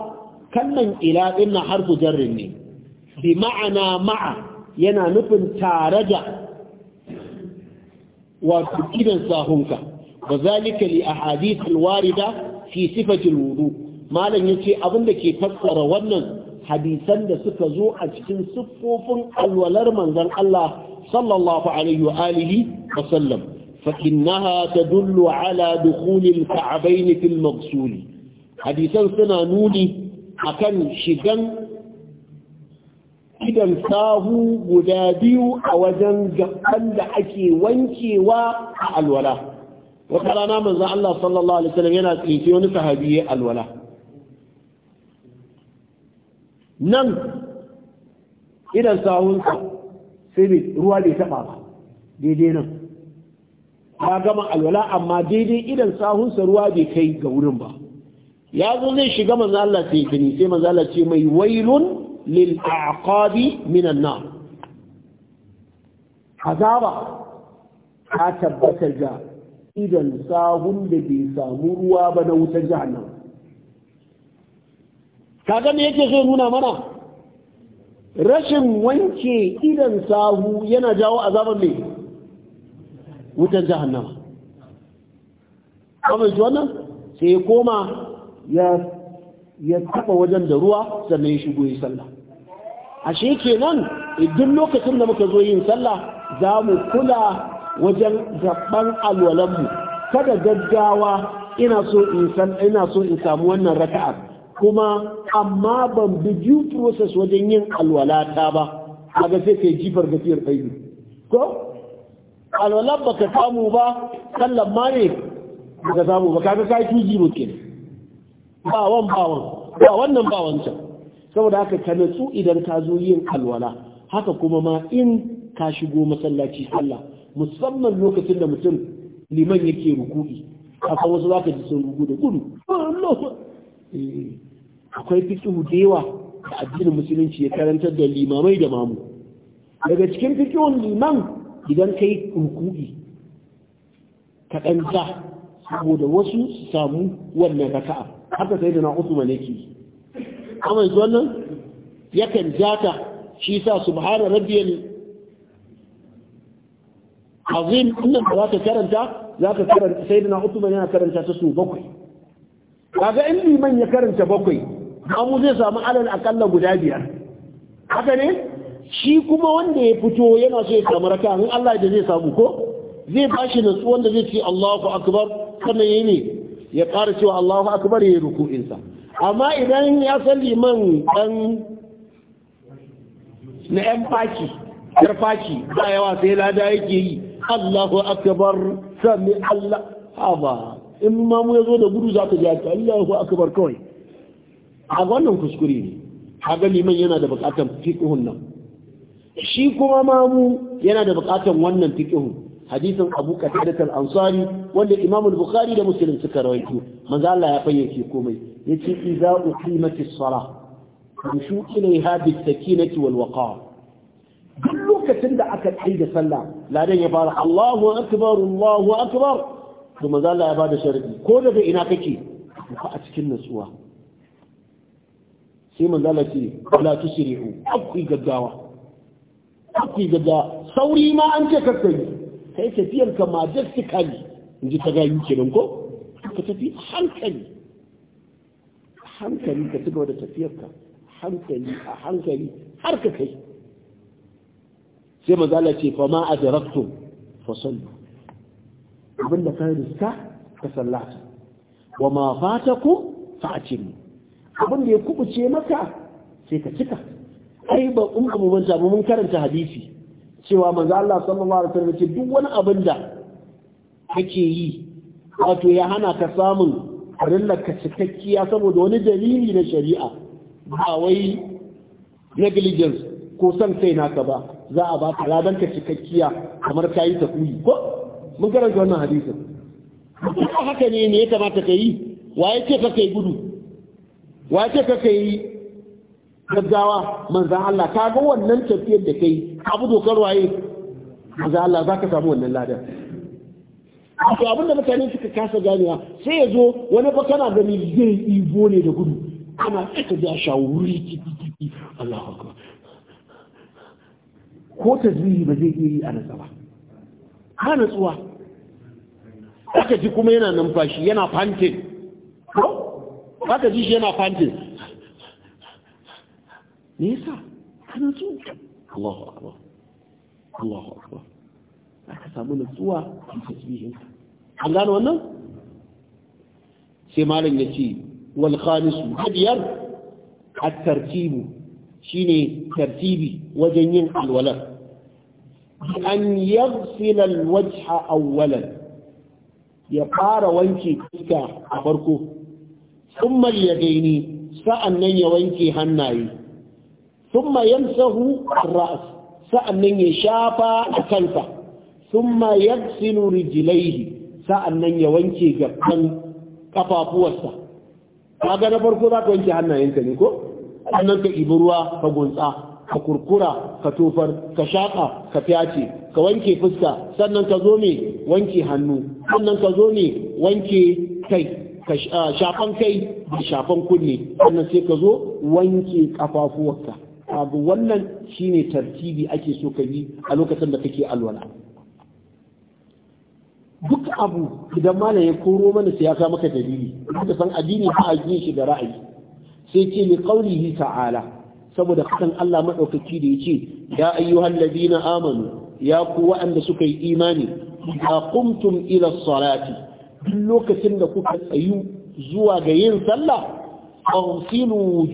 kannan ila din na harfu jarrin ne bi ma'ana ma'a yana nufin tare da wato idan sahunka wa zalika li ahadith alwarida fi sifati alwudu malan yace abinda ke fassara wannan hadisan da suka zo a cikin siffofin alwalar manzon Allah sallallahu alaihi wa alihi wa sallam fa innaha tadullu ala dukhulil ka'bayn fil maghsul hadisan suna nuni akan shigan idan sahu guda biyu a wajen gaban da ake wankewa a alwala wata rana manzon Allah sallallahu alaihi wasallam yana tsinci wani sahabi alwala nan idan sawunsa sai ruwa bai taɓa ba daidai nan ya gama alwala amma daidai idan sahunsa ruwa bai kai ga wurin ba ya zo zai shiga manzo sai gani sai manzo ce mai wailun lil aqabi minan na azaba ta tabbatar da idan sahun da bai samu ruwa ba na wutar jahannama kaga ne yake so nuna mana rashin wanke idan sahu yana jawo azaban mai wutar jahannama kamar shi wannan sai koma ya taba wajen da ruwa sannan ya shigo yi sallah ashe kenan idan lokacin da muka zo yin sallah za mu kula wajen gaban alwalanmu kada gaggawa ina so in samu wannan raka'ar kuma amma ban bi due process wajen yin alwalata ba kaga sai kai jifar gafiyar kai ko alwala ka samu ba sallan ma ne ka samu ba kaga sai tuji mu kenan ba wan ba wan ba wannan ba wancan saboda haka ka natsu idan ka zo yin alwala haka kuma ma in ka shigo masallaci sallah musamman lokacin da mutum liman yake ruku'i akan wasu zaka ji sun rugu da gudu Allah eh. akwai fiqhu da yawa da addinin musulunci ya karantar da limamai da mamu daga cikin fiqhun liman idan yi kurkuɗi ka ɗanta saboda wasu su samu wannan raka'a haka sai da na Uthman yake amma yanzu wannan yakan jata shi sa subhana rabbiyal azim wannan da zaka karanta zaka karanta sayyidina Uthman yana karanta ta su bakwai kaga in liman ya karanta bakwai mamu zai samu alal akalla guda biyar haka ne shi kuma wanda ya fito yana so ya samu raka in Allah da zai samu ko zai bashi natsuwan wanda zai ce Allahu akbar kana yi ne ya fara cewa Allahu akbar ya ruku'in sa amma idan ya san liman dan na yan faki yar faki ba yawa sai lada yake yi Allahu akbar sami Allah haba in mamu ya zo da gudu za ka ji Allahu akbar kawai a wannan kuskure ne haga liman yana da buƙatar fiqhun nan shi kuma mamu yana da buƙatar wannan fiqhun hadisin Abu Qatadah al-Ansari wanda Imam al-Bukhari da Muslim suka rawaito manzo Allah ya fayyace komai yace idza uqimatis salah mushu ilaiha bis sakinati wal waqar duk lokacin da aka tsaye da sallah ladan ya fara Allahu akbar Allahu akbar to manzo Allah ya bada sharadi ko daga ina kake ka a cikin nutsuwa sai manzala ce wala tusri'u akwai gaggawa akwai gaggawa sauri ma an ce kakkai kai tafiyar ka majestically in ji ta gayu kenan ko ka tafi hankali hankali ka cigaba da tafiyar ka hankali a hankali har ka kai sai manzala ce fa ma adraktum fa sallu abinda ka riska ka sallata wa ma fatakum fa atimu abin da ya kubuce maka sai ka cika ai ba in ba mun ba mun karanta hadisi cewa manzo Allah sallallahu alaihi wasallam ce duk wani abin da kake yi wato ya hana ka samun rilla ka cikakkiya saboda wani dalili na shari'a ba wai negligence ko san kai naka ba za a baka ladan ka cikakkiya kamar kayi ta kuyi ko mun karanta wannan hadisin haka ne ne ya kamata ka yi wa yake ka kai gudu wace ka kai gaggawa manzan Allah ta ga wannan tafiyar da kai abu dokar waye manzan Allah za ka samu wannan ladar? to abin da mutane suka kasa ganewa sai ya zo wani bakana kana gani zai ibo ne da gudu ana tsaka da shawuri tiki tiki Allahu akbar ko tazwihi ba zai iya yi a nasa ba ha natsuwa aka ji kuma yana numfashi yana fantin? baka ji shi yana fanti. me yasa kana so Allahu akbar Allahu akbar aka samu nutsuwa a tasbihin an gano wannan sai malam ya ce wal khamisu hadiyar at-tartibu shine tartibi wajen yin alwalar an yaghsil al-wajha awwalan ya fara wanke fuska a farko Sun marya al sa'an nan ya wanke hannaye Sun thumma sahu ra'as sa'an nan ya shafa a kansa thumma yaghsilu sa'an nan ya wanke ƙafafuwarsa. kafafuwarsa ga na farko za ka wanke hannayenka ne ko sannan ka ibi ruwa ka gunsa ka kurkura ka tofar ka shaƙa ka fyace ka wanke fuska sannan ka zo ne wanke hannu sannan ka zo ne wanke kai shafan kai da shafan kunne wannan sai ka zo wanke kafafuwarka abu wannan shine tartibi ake so ka yi a lokacin da kake alwala duk abu idan malam ya koro mana sai ya maka dalili ka san addini ba a yin shi da ra'ayi sai ce li qaulihi ta'ala saboda kan Allah madaukaki da yace ya ayyuhal ladina amanu ya ku wa'anda suka yi imani idza qumtum ila salati duk lokacin da kuka tsayu zuwa ga yin sallah awsilu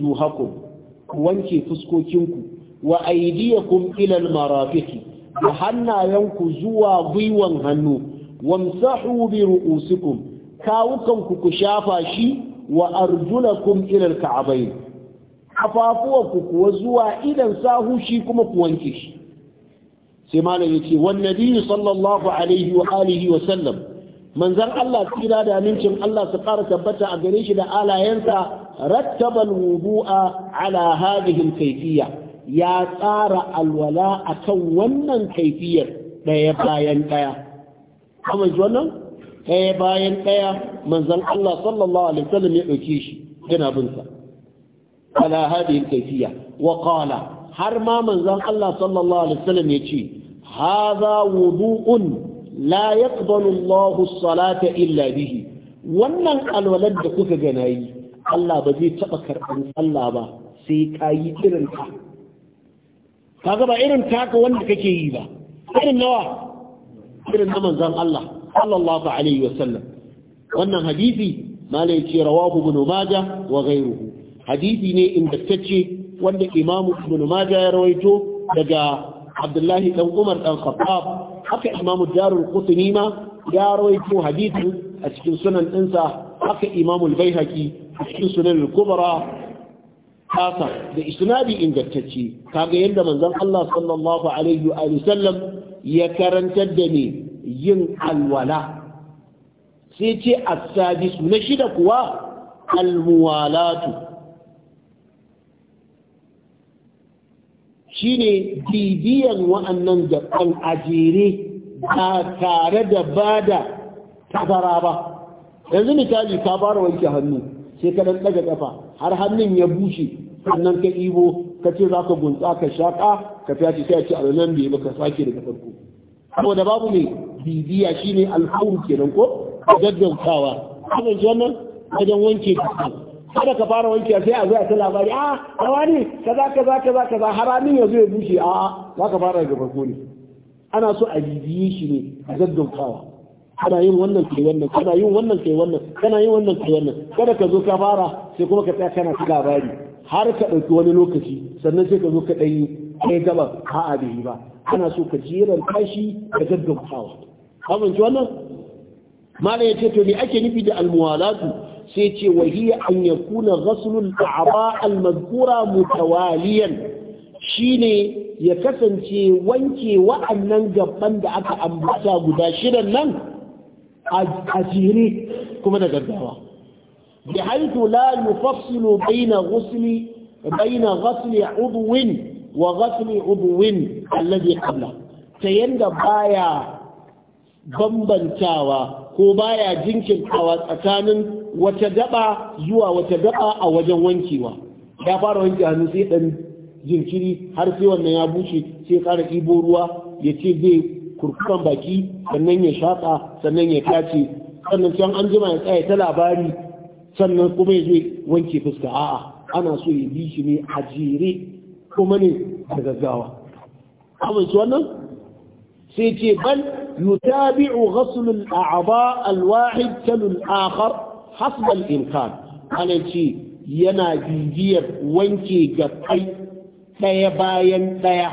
Ku wanke fuskokinku wa aydiyakum ila marafiki. da hannayenku zuwa gwiwan hannu wamsahu bi ru'usikum kawukanku ku shafa shi wa arjulakum ila alka'bayn afafuwanku kuwa zuwa idan sahu shi kuma ku wanke shi sai malam yace wan nabi sallallahu alaihi wa alihi wa sallam manzon Allah tsira da amincin Allah su ƙara tabbata a gare shi da alayensa rattabal wudu'a ala hadhihi kaifiya ya tsara alwala akan wannan kaifiyar ɗaya bayan ɗaya kamar wannan ɗaya bayan ɗaya manzon Allah sallallahu alaihi wasallam ya ɗauke shi yana bin sa ala hadhihi kaifiya wa qala har ma manzon Allah sallallahu alaihi wasallam ya ce hadha wudu'un la yaqbalu salata illa bihi wannan alwalar da kuka gana yi Allah ba zai taba karɓar Allah ba sai ka yi irin ta kaga ba irin taka wanda kake yi ba irin nawa irin na manzon Allah sallallahu alaihi sallam. wannan hadisi malai ce rawahu ibn majah wa ghayruhu hadisi ne inda tace wanda imamu ibn majah ya rawaito daga abdullahi ɗan umar dan khattab haka imamu darul qutni ma ya rawaito hadithin a cikin sunan ɗinsa haka Imam al-baihaqi a cikin sunan al-kubra haka da isnadi ingantacce kaga yadda manzon Allah sallallahu alaihi wa sallam ya karantar da ni yin alwala sai ce as-sadis na shida kuwa almuwalatu shine bibiyan wa'annan a ajere ba tare da bada tazara ba yanzu misali ta fara wanke hannu sai ka dan daga kafa har hannun ya bushe sannan ka ibo ka ce za ka gunsa ka shaƙa ka fiyaci sai a ce a nan bai baka sake daga farko saboda babu mai bibiya shine ke kenan ko gaggautawa kuma wannan wajen wanke jiki kada ka fara wanke sai a zuwa ta labari a ah, rawani kaza kaza kaza kaza haramin ya zo ya bushe a za ka fara daga farko ne ana so a bibiye shi ne a gaggautawa kana yin wannan kai wannan kana yin wannan kai wannan kana yin wannan kai wannan kada ka zo ka fara sai kuma ka tsaya kana ta labari har ka ɗauki wani lokaci sannan sai ka zo ka ɗanyi kai gaba a'a bai yi ba ana so ka jeran tashi da gaggautawa amince wannan malam ya ce to me ake nufi da almuwalatu sai ce wahi an yakuna ghaslul a'ba al madhkura mutawaliyan shine ya kasance wanke wa'annan gaban da aka ambata guda shidan nan a jere kuma da gaggawa bi lalu la yufassilu bayna ghusli bayna ghasli udwin wa ghasli udwin alladhi qabla ta yanda baya bambantawa ko baya jinkirtawa tsakanin wata daɓa zuwa wace daɓa a wajen wankewa ya fara wanke hannu sai dan jinkiri har sai wannan ya bushe sai ƙara ibo ruwa ya ce zai kurkukan baki sannan ya shaƙa sannan ya kace sannan can an jima ya tsaya ta labari sannan kuma ya zo wanke fuska a'a ana so ya bi shi ne a jere kuma ne a gaggawa amince wannan sai ce bal yutabi'u ghasl al al-wahid akhar hasbal imkan ana ce yana bibiyar wanke gabai ɗaya bayan ɗaya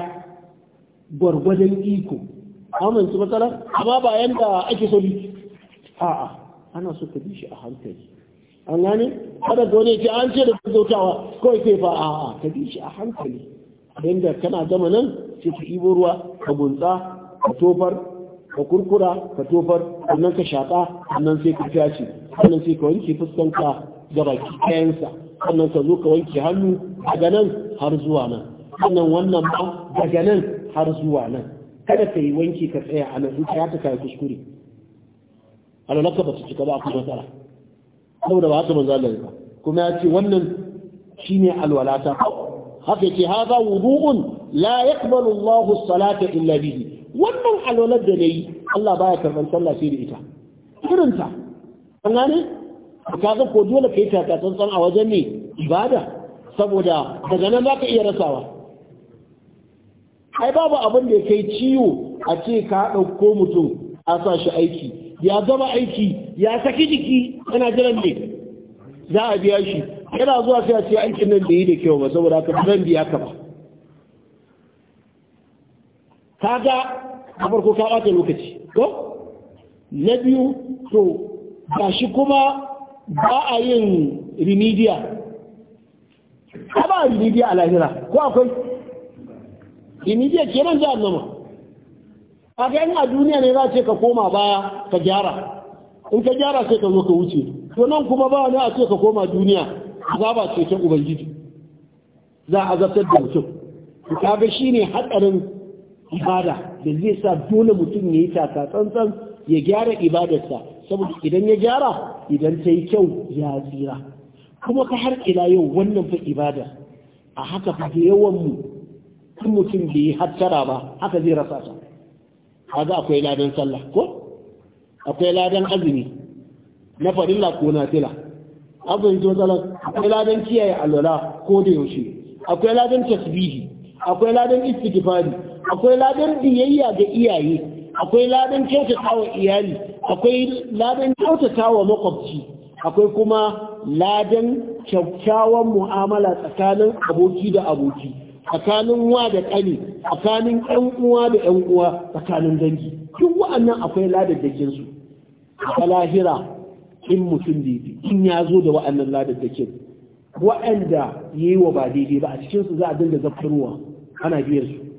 gwargwadon iko amin su matsala amma bayan da ake so a'a ana so ka bi shi a hankali an gane kada ga wani ce an ce da zautawa kawai kai fa a'a ka bi shi a hankali da kana gama nan ce ka ibo ruwa ka gunsa ka tofar ka kurkura ka tofar sannan ka shaƙa sannan sai ka tashi sannan sai ka wanke fuskanka ga baki kayansa sannan ka zo ka wanke hannu daga nan har zuwa nan sannan wannan ba daga nan har zuwa nan kada ka yi wanki ka tsaya a nan in ka ta kai kuskure alalaka ba su cika ba kuma matsala saboda ba haka manzo Allah ba kuma ya ce wannan shine alwalata haka ce haza wudu'un la yaqbalu Allahu as-salata illa bihi wannan alwalar da na yi Allah baya karɓar sallah sai da ita irinta an ka ga ko dole kai taka tsantsan a wajen ne ibada saboda daga nan zaka iya rasawa ai babu abin da kai ciwo a ce ka dauko mutum a sa shi aiki ya gama aiki ya saki jiki yana jiran ne za a biya shi yana zuwa sai a ce aikin nan da yi da kyau ba saboda ka zan biya ka ba kaga a farko ka bata lokaci ko na biyu to ba shi kuma ba a yin rimidiya ba ba rimidiya a lahira ko akwai ke nan za a zama? a ga a duniya ne za ce ka koma baya ka gyara in ka gyara sai ka zo ka wuce to nan kuma ba wani a ce ka koma duniya za ba ce ta ubangiji za a zartar da mutum ka ga ne hatsarin ibada da zai sa dole mutum ya yi tsantsan ya gyara ibadarsa saboda idan ya gyara idan ta yi kyau ya tsira kuma ka har ila yau wannan fa ibada a haka fa da yawan mu kun mutum bai yi hattara ba haka zai rasa ta kaga akwai ladan sallah ko akwai ladan azumi na farilla ko na fila azumin matsalar akwai ladan kiyaye alwala ko da yaushe akwai ladan tasbihi akwai ladan istighfari akwai ladan biyayya ga iyaye akwai ladan kyautata wa iyali akwai ladan kyautata wa makwabci akwai kuma ladan kyakkyawan mu'amala tsakanin aboki da aboki tsakanin wa da ƙani tsakanin ƴan uwa da ƴan uwa tsakanin dangi duk wa'annan akwai ladaddakin su a lahira in mutum daidai in ya zo da wa'annan ladaddakin wa'anda ya yi wa ba daidai ba a cikin su za a dinga zafarwa ana biyar su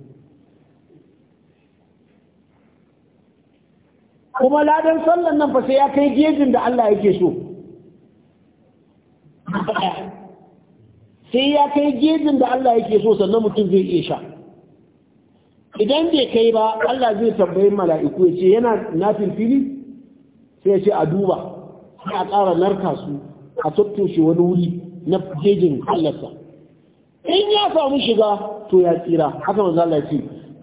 kuma ladan sallan nan fa sai ya kai gejin da Allah yake so sai ya kai gejin da Allah yake so sannan mutum zai iya sha idan bai kai ba Allah zai tambayi mala'iku ya ce yana nafin fili sai ya ce a duba sai a ƙara narka su a tattoshe wani wuri na Allah sa. in ya samu shiga to ya tsira haka manzo Allah ya ce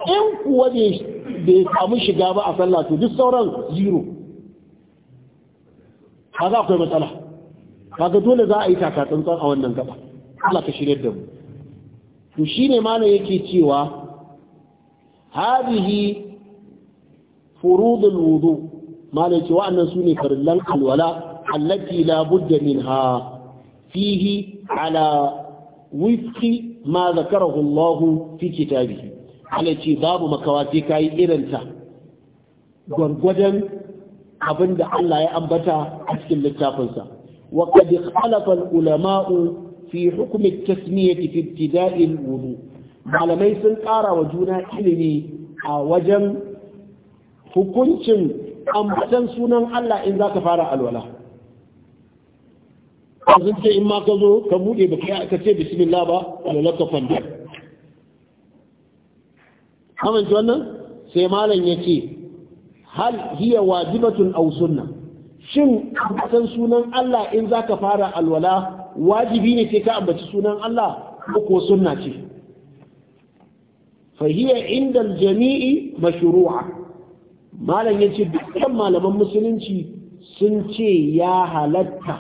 in kuwa bai bai samu shiga ba a sallah to duk sauran zero za akwai matsala ga dole za a yi takatsantsan a wannan gaba Allah ka shirye da mu to shine malam yake cewa hadihi furudul wudu malam wannan wa'annan ne farillan alwala allati la budda minha fihi ala wifqi ma zakarahu Allah fi kitabihi Allah ce babu makawa kayi ka yi irinta gwargwadon abin da Allah ya ambata a cikin littafinsa wa ƙalafan ikhtalafa ulamau fi hukm at-tasmiyah daɗin wudu malamai sun ƙara wa juna ilimi a wajen hukuncin ambatan sunan Allah in zaka fara alwala yanzu ce in ma ka zo ka bude baka ka ce bismillah ba alwala ka fanda amince wannan sai malam ya ce hal hiya wajibatun aw sunna shin san sunan Allah in zaka fara alwala wajibi ne sai ka ambaci sunan Allah ko sunna ce fa hiya inda jami'i mashru'a malam ya ce dukkan malaman musulunci sun ce ya halatta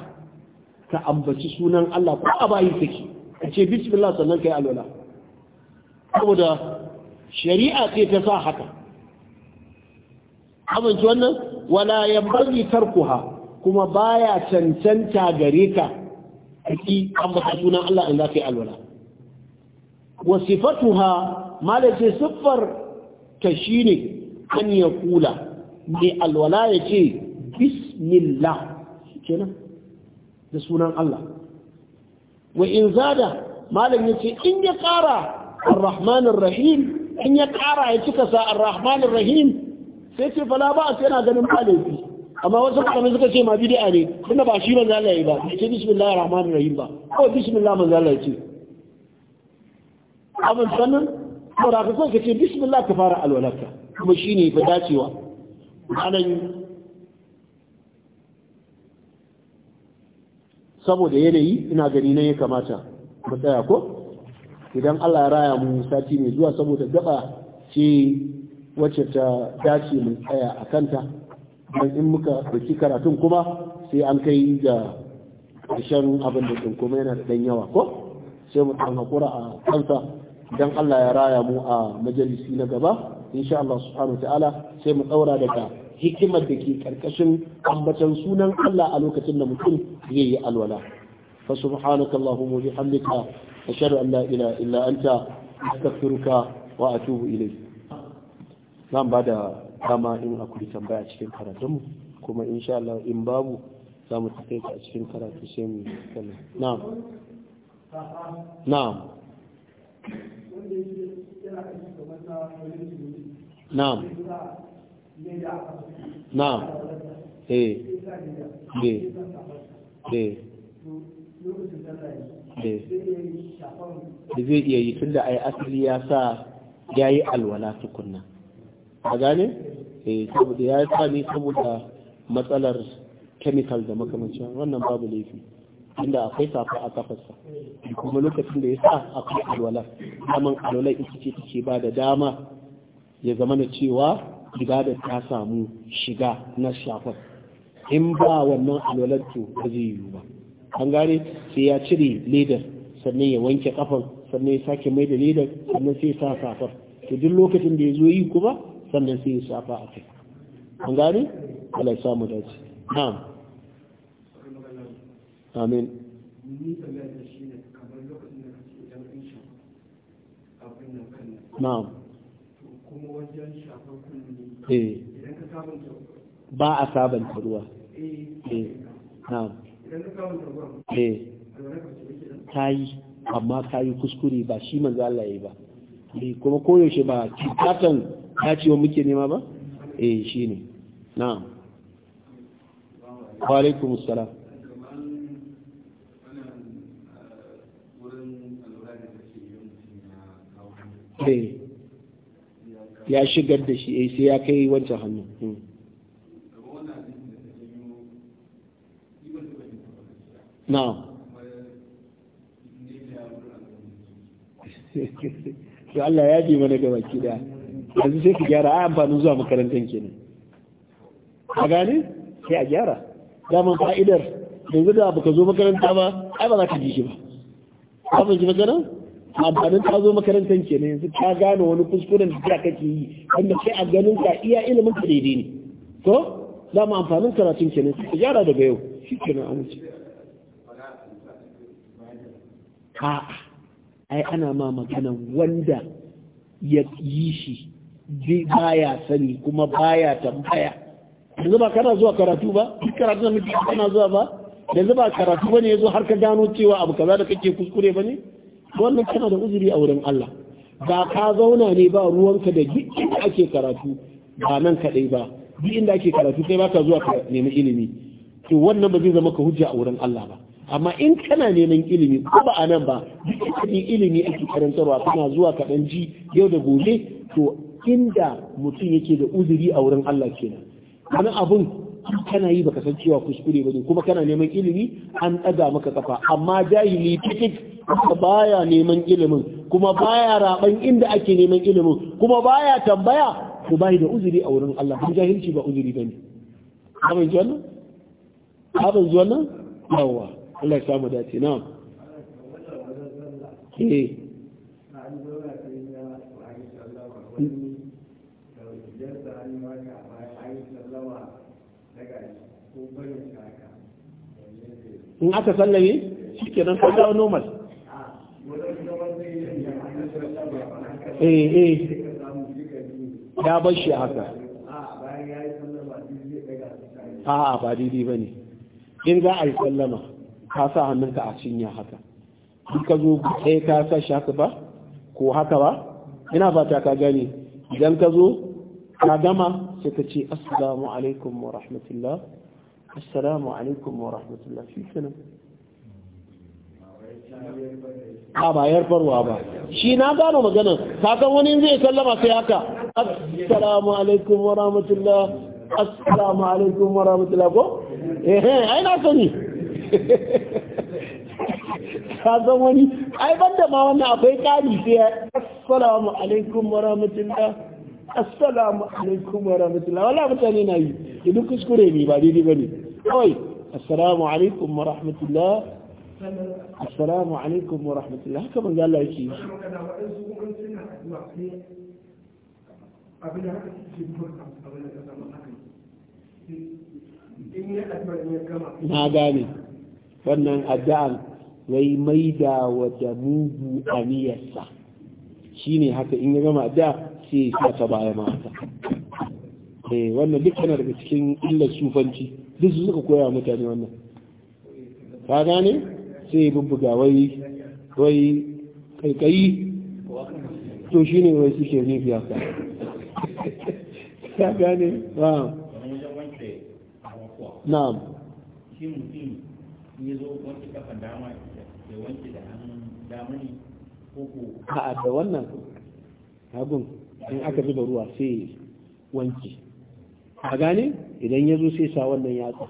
ka ambaci sunan Allah ko a bayin take ka ce bismillah sannan kai alwala saboda shari'a ce ta sa haka amince wannan wala yabghi tarkuha kuma baya cancanta gare ka aki ambata sunan Allah in ka yi alwala wa sifatuha malace siffar ta shine an ya kula mai alwala ya ce bismillah kenan da sunan Allah wa in zada malam ce in ya kara ar rahim in ya ƙara ya cika sa ar-rahmanir rahim sai ce fala ba sai yana ganin ba amma wasu kamar suka ce ma bid'a ne tunda ba shi manzo Allah ya ba ce bismillahir rahmanir rahim ba ko bismillah manzo Allah ya ce abin sanin ko da ka ce bismillah ka fara alwalaka kuma shine ba dacewa anan saboda yanayi ina gani ne ya kamata mu tsaya ko idan Allah ya raya mu sati mai zuwa saboda gaba ce wacce ta dace mu tsaya a kanta don in muka ɗauki karatun kuma sai an kai ga ƙarshen abin da kuma yana da ɗan yawa ko sai mu ɗan haƙura a kansa idan Allah ya raya mu a majalisi na gaba insha Allah subhanahu ta'ala sai mu ɗaura daga hikimar da ke ƙarƙashin ambatan sunan Allah a lokacin da mutum yayi alwala فسبحانك اللهم وبحمدك أشهد أن لا إله إلا أنت أستغفرك وأتوب إليك nan ba da dama in akwai tambaya a cikin karatunmu kuma insha Allah in babu za mu tafi a cikin karatu sai mu kalla Na. Na. Na. Na. eh eh eh zai iya yi tun da yi asali ya sa ya yi alwala tukunna a gane? Eh, saboda ya sa sami saboda matsalar kemikal da makamancin wannan babu laifi inda akwai safa a kafarsa kuma lokacin da ya sa akwai alwala daman alwala ita ce take ba da dama ya zama na cewa ibadar ta samu shiga na shafar in ba wannan alwalar to ba zai yiwu ba an gane sai ya cire ledar sannan ya wanke kafan sannan ya sake mai da ledar sannan sai ya sa safar to duk lokacin da ya zo yi kuma sannan sai ya safa a kai an gane Allah ya samu dace na'am amin na'am eh. ba a sabanta ruwa eh, eh. na'am eh yi amma yi kuskure ba shi manzo Allah ba eh kuma koyaushe ba ce wa muke nema ba eh shi na'am wa musala. salam eh. ya shigar da shi eh, sai ya kai wancan hannun na'am to Allah ya ji mana gaba ki da yanzu sai ki gyara a amfanin zuwa makarantar ne a gane sai a gyara daman fa'idar yanzu da baka zo makaranta ba ai ba za ka ji shi ba ka fahimci magana amfanin ta zo makarantar ne yanzu ka gane wani kuskuren da za ke yi wanda sai a ganin ka iya ilimin ka daidai ne to dama amfanin karatun ne sai ka gyara daga yau shi kenan an wuce a'a ai ana ma maganan wanda ya yi shi baya sani kuma baya tambaya yanzu ba kana zuwa karatu ba karatu na miki kana zuwa ba yanzu ba karatu bane yazo har ka gano cewa abu kaza da kake kuskure bane wannan kana da uzuri a wurin Allah ba ka zauna ne ba ruwanka da duk inda ake karatu ba nan kadai ba duk inda ake karatu sai baka zuwa ka nemi ilimi to wannan ba zai zama ka hujja a wurin Allah ba amma in kana neman ilimi ko ba a nan ba duk ilimi ake karantarwa kana zuwa kaɗan ji yau da gobe to inda mutum yake da uzuri a wurin Allah kenan wani abun kana yi baka san cewa kuskure ne, kuma kana neman ilimi an ɗaga maka kafa amma jahili tikit baya neman ilimin kuma baya raban inda ake neman ilimin kuma baya tambaya ko bai da uzuri a wurin Allah kuma jahilci ba uzuri bane abin ji abin ji yawa Allah ya samu dace na eh. in aka sallame shi ke nan kwanza kwallo nomal eh eh ya bar shi haka a ba daidai ba ne in za a yi sallama ka sa hannunka a cinya haka in ka zo ɗaya ka sa shi haka ba ko haka ba ina fata ka gani. idan ka zo ka gama sai ka ce assalamu alaikum wa rahmatullah assalamu alaikum wa rahmatullah shi kenan a ba yarfarwa ba shi na gano maganan kakan wani zai sallama sai haka assalamu alaikum wa rahmatullah assalamu alaikum wa rahmatullah ko eh eh ai na sani ai ban ma wannan akwai kari sai assalamu alaikum wa rahmatullah assalamu alaikum wa rahmatullah wala mutane na yi da duk kuskure ne ba daidai bane kawai assalamu alaikum wa rahmatullah assalamu alaikum wa rahmatullah haka ban ga Allah yake na gane wannan addu'an wai maida wa wadda mugu shi ne haka in ya gama da sai ya sa ta baya ma haka eh, wannan duk yana daga cikin illar sufanci duk su suka koya mutane wannan ka gane sai bubbuga wai wai kaikayi to shi ne wai suke nufi haka ka gane na'am na'am zo wanke dama wanke da hannun dama ne ko ko a'a da wannan hagun in aka zuba ruwa sai wanke a gane idan ya zo sai sa wannan yatsa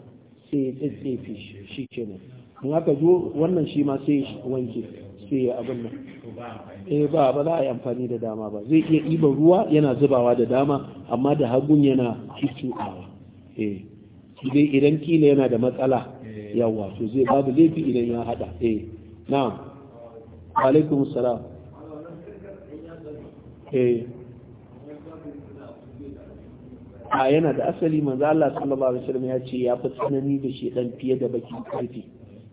sai ya tsefe shi kenan in aka zo wannan shi ma sai wanke sai ya abin nan eh ba ba za a yi amfani da dama ba zai iya ɗiban ruwa yana zubawa da dama amma da hagun yana awa. eh idan kila yana da matsala yawa to zai babu laifi idan ya hada eh na'am alaikum salam eh a yana da asali manzo Allah sallallahu alaihi wasallam ya ce ya fi tsanani da shi dan fiye da baki karfi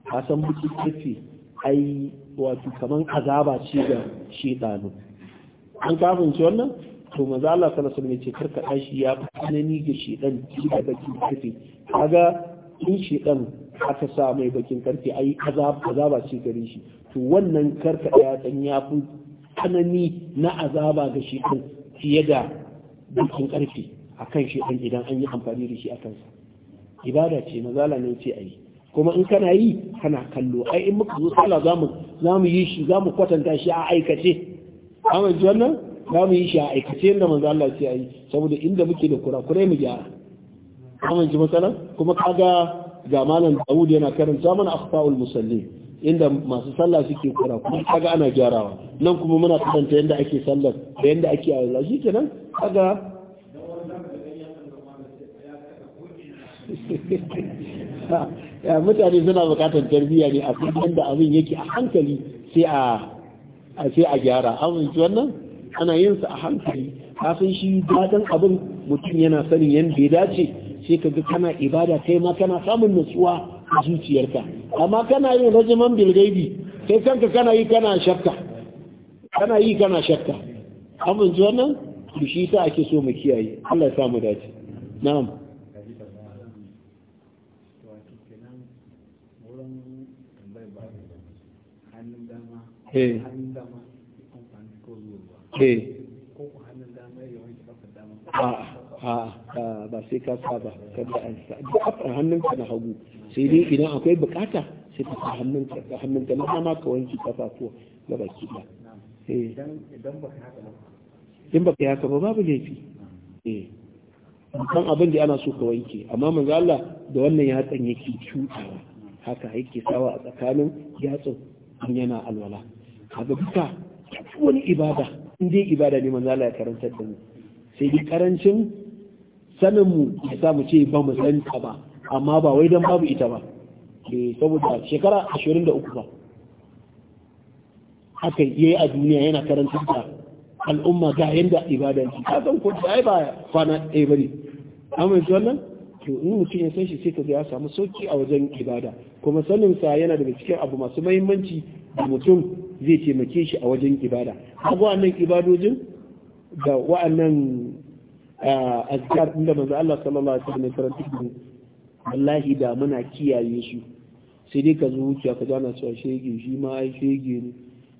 ka san baki karfi ai wato kaman azaba ce ga shedanu an ci wannan to manzo Allah sallallahu alaihi wasallam ya ce karka dashi ya fi tsanani shi dan fiye da baki karfi kaga in shedan aka sa mai bakin karfe yi azaba ce gare shi to wannan karka ya dan ya fi tsanani na azaba ga shi kan fiye da bakin karfe kan shi an idan an yi amfani da shi a kansa ibada ce mazala ne ce a yi kuma in kana yi kana kallo ai in muka zo sallah za mu yi shi mu kwatanta shi a aikace amma mu yi shi a aikace yadda manzo Allah ce yi saboda inda muke da kurakurai mu gyara amma ji matsala kuma kaga ga malam Dawud yana karanta mana akhfaul musallin inda masu sallah suke kura kuma kaga ana gyarawa nan kuma muna karanta yanda ake sallar da yanda ake ayyuka shikenan kaga ya mutane suna bukatar tarbiyya ne a kan yanda abin yake a hankali sai a sai a gyara abin wannan ana yin sa a hankali kafin shi daɗin abin mutum yana sanin yanda ya dace sai ka ga kana ibada kai ma kana samun nutsuwa a zuciyarka amma kana yin rajiman bilgaibi sai kanka kana yi kana shakka kana yi kana shakka amin zuwa nan shi ta ake so mu kiyaye Allah ya samu dace na'am Eh. Eh. Ah, ah. ba sai ka sa ba kada an sa duk a hannunka na hagu sai dai idan akwai bukata sai ka sa hannunka da hannunka na dama ka wanki ko ga baki da eh. idan baka haka ba babu laifi eh kan abin da ana so ka wanke amma manzo Allah da wannan ya yatsan yake cutawa haka yake sawa a tsakanin yatsun an yana alwala kaga duka wani ibada in dai ibada ne manzo Allah ya karanta da mu sai dai karancin sanin mu ya sa mu ce ba mu san ta ba amma ba wai dan babu ita ba eh saboda shekara 23 ba haka yayi a duniya yana karanta da al'umma ga yanda ibada ki ka san ko dai ba kwana eh bari amma to wannan to in mutum ya san shi sai ka ga ya samu sauki a wajen ibada kuma sanin sa yana daga cikin abu masu muhimmanci da mutum zai taimake shi a wajen ibada. ga wannan ibadojin da wa'annan a din da manzo Allah sallallahu alaihi wasallam ya karanta wallahi da muna kiyaye shi sai dai ka zo wuciya ka su cewa shege shi ma ai shege ne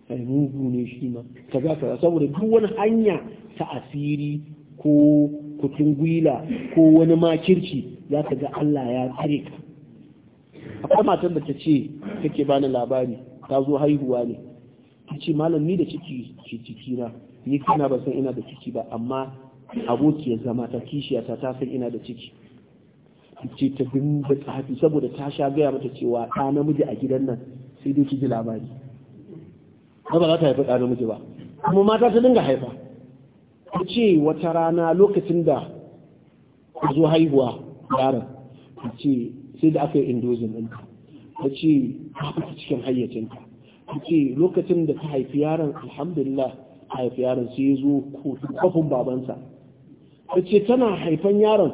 ai mugu ne shi ma ka ka kaza saboda duk wani hanya ta asiri ko kutun gwila ko wani makirci za ka ga Allah ya tsare ka akwai matan da ta ce take bani labari ta zo haihuwa ne ta ce malam ni da ciki ke ciki na ni kina ba san ina da ciki ba amma abokiyar zama ta kishiyata ta san ina da ciki ce ta ta tsafi saboda ta sha gaya mata cewa ɗa namiji a gidan nan sai dai ji labari ba za ta haifi ɗa namiji ba kuma mata ta dinga haifa ta ce wata rana lokacin da ta zo haihuwa yaron ta ce sai da aka yi indozin ɗinka ta ce ta fita cikin hayyacinta ta ce lokacin da ta haifi yaron alhamdulillah ta haifi yaron sai ya zo kofin babansa ta ce tana haifan yaron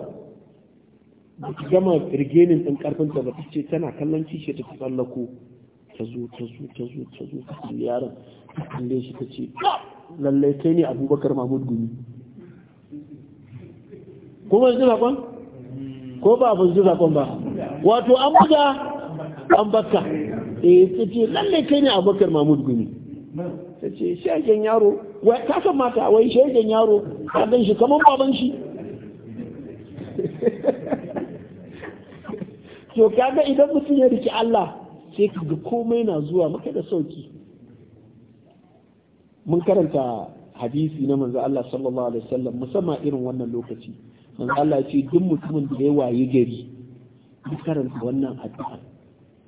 ba ta gama rigenin ɗin ƙarfinta ba ta ce tana kallon kishe ta tsallako ta zo ta zo ta zo ta zo ta zo yaron ta kalle shi ta ce lallai kai ne abubakar mahmud gumi ko ba ji zakon ko ba ban zuwa kwan ba wato an buga an baka. eh ta ce lallai kai ne abubakar mahmud gumi ta ce shagen yaro wai ka mata wai shegen yaro ka gan shi kamar baban shi to kaga idan mutum ya riki Allah sai ka ga komai na zuwa maka da sauki mun karanta hadisi na manzo Allah sallallahu alaihi wasallam musamman irin wannan lokaci manzo Allah ce duk mutumin da ya waye gari duk karanta wannan addu'a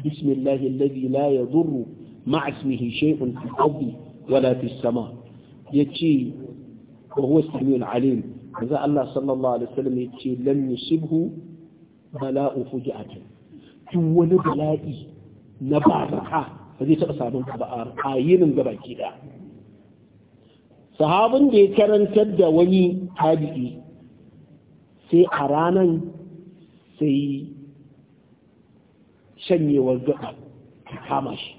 bismillahi alladhi la yadurru ma'a ismihi shay'un fil ardi wala sama ya ce wa huwa samiyun alim za Allah sallallahu alaihi wasallam ya ce lam yusibhu bala'u fuji'atin tun wani bala'i na baraka ba zai taɓa samun ka ba a yinin gaba da sahabin da ya karantar da wani tabi'i sai a ranan sai shanyewar gaba ta kama shi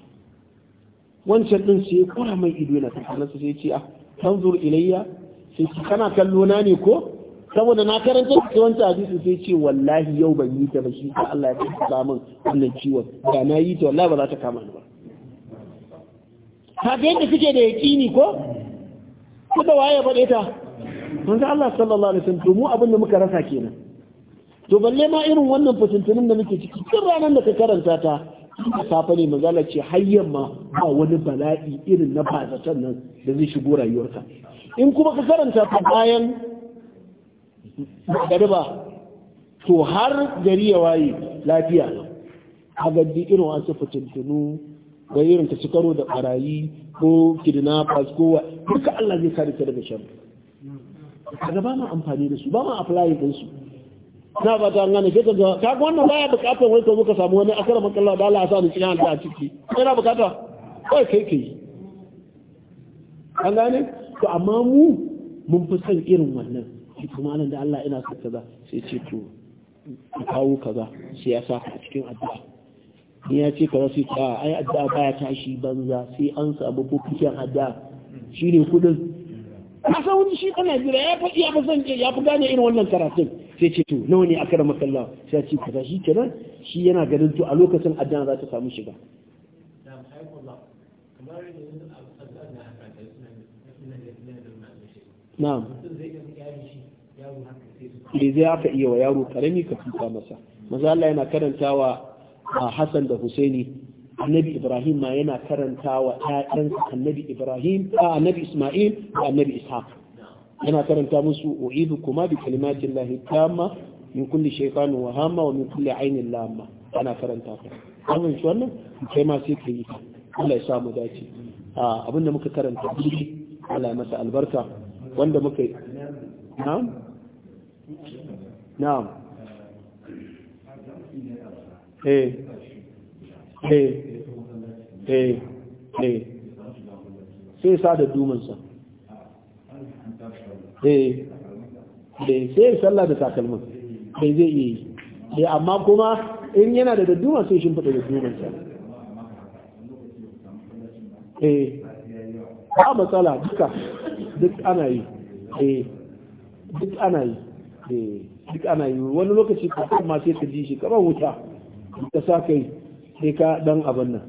wancan din sai kura mai ido na ta sai ce ah tanzur ilayya sai ce kana kallo na ne ko saboda na karanta cikin wancan hadisi sai ce wallahi yau ban yi ta ba shi ka Allah ya tsaka min wannan ciwon da na yi ta wallahi ba za ta kama ni ba ka yadda suke da yaqini ko ko da waye ba ta ga Allah sallallahu alaihi wasallam to mu abin da muka rasa kenan to balle ma irin wannan fitintunin da muke ciki tun ranar da ka karanta ta a safa ne magana ce har yamma ba wani bala'i irin na fasatan nan da zai shigo rayuwarka in kuma ka karanta ta bayan ba, to har gari ya waye lafiya a gaddi irin wasu fitintunu ga irin ta karo da barayi ko kidnappers ko duka Allah zai kare ta daga shan ba ma amfani da su ba ma applying din su na ba ta gane sai ka Ta ka ga wannan baya bukatar wai ka muka samu wani akara makalla da Allah ya sa ni cikin halta a ciki sai na bukata kai kai kai an gane to amma mu mun fi son irin wannan shi kuma nan da Allah ina so kaza sai ce to ka kawo kaza sai ya sa ka cikin addu'a ni ya ce kaza sai ta ai addu'a baya tashi banza sai an samu bukukiyan addu'a shine kudin a san wani shi kana jira ya fi ya fi ya fi gane irin wannan karatun sai ce to nawa ne aka rama kallon sai ce kaza shi kenan shi yana ganin to a lokacin adana za ta samu shiga na'am da zai aka iya wa yaro karami ka fita masa maza Allah yana karantawa a Hassan da Husaini annabi Ibrahim ma yana karantawa ƴaƴansa annabi Ibrahim a annabi Isma'il da annabi Ishaq yana karanta musu u'idu kuma bi kalimatin lahi tamma min kulli shaytanin wa hamma wa min kulli ainin lamma ana karanta ta wannan shi wannan kai ma sai ka yi Allah ya samu dace abin da muka karanta bibi Allah ya masa albarka wanda muka na'am na'am eh eh eh eh sai sa da dumansa Eh, eh sai sallah da takalmin bai eh, zai iya yi eh amma kuma in yana da dadduma sai shin fada dadduman sa eh ba matsala duka duk ana yi eh duk ana yi eh duk ana yi wani lokaci ka kuma sai ka ji shi kamar wuta ka sa kai sai ka dan abin nan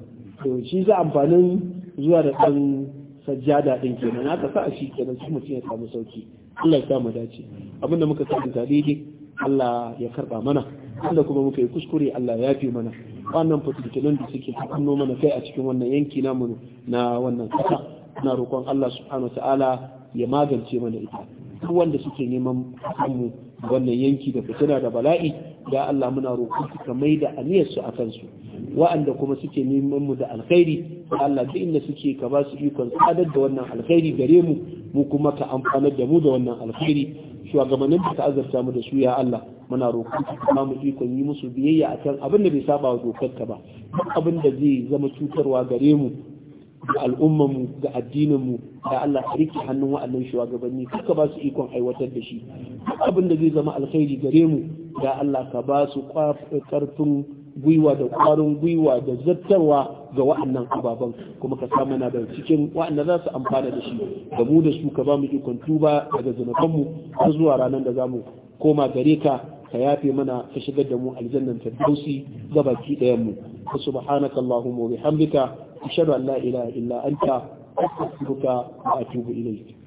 to shi za amfanin zuwa da dan sajjada din kenan aka sa shi kenan shi mutum ya samu sauki Allah ya mu dace abinda muka karanta daidai Allah ya karba mana wanda kuma muka yi kuskure Allah ya fi mana wannan fitintunan da suke hannu mana kai a cikin wannan yanki namu na wannan kasa na roƙon Allah subhanahu wa ta'ala ya magance mana ita duk wanda suke neman mu wannan yanki da fitina da bala'i ya Allah muna roƙon su ka maida aniyar su akan su wa'anda kuma suke neman mu da alkhairi Allah duk inda suke ka ba su ikon sadar da wannan alkhairi gare mu mu kuma ka amfanar da mu da wannan alkhairi shugabannin da ka azarta mu da su ya Allah muna roƙon ka ba mu ikon yi musu biyayya a akan abin da bai saba wa dokar ka ba duk abin da zai zama cutarwa gare mu ga al'umma mu ga addinin mu da Allah ka rike hannun wa'annan shugabanni kuka ba su ikon aiwatar da shi duk abin da zai zama alkhairi gare mu da Allah ka ba su ƙarfin gwiwa da ƙwarin gwiwa da zartarwa ga wa'annan ababen kuma ka sa mana da cikin wa'annan za su amfana da shi da mu da su ka ba mu ikon tuba daga zunubanmu har zuwa ranar da za mu koma gare ka ka yafe mana ka shigar da mu aljannan firdausi ga baki ɗayan mu subhanaka allahumma wa bihamdika ashhadu an la ilaha illa anta astaghfiruka wa atubu ilayk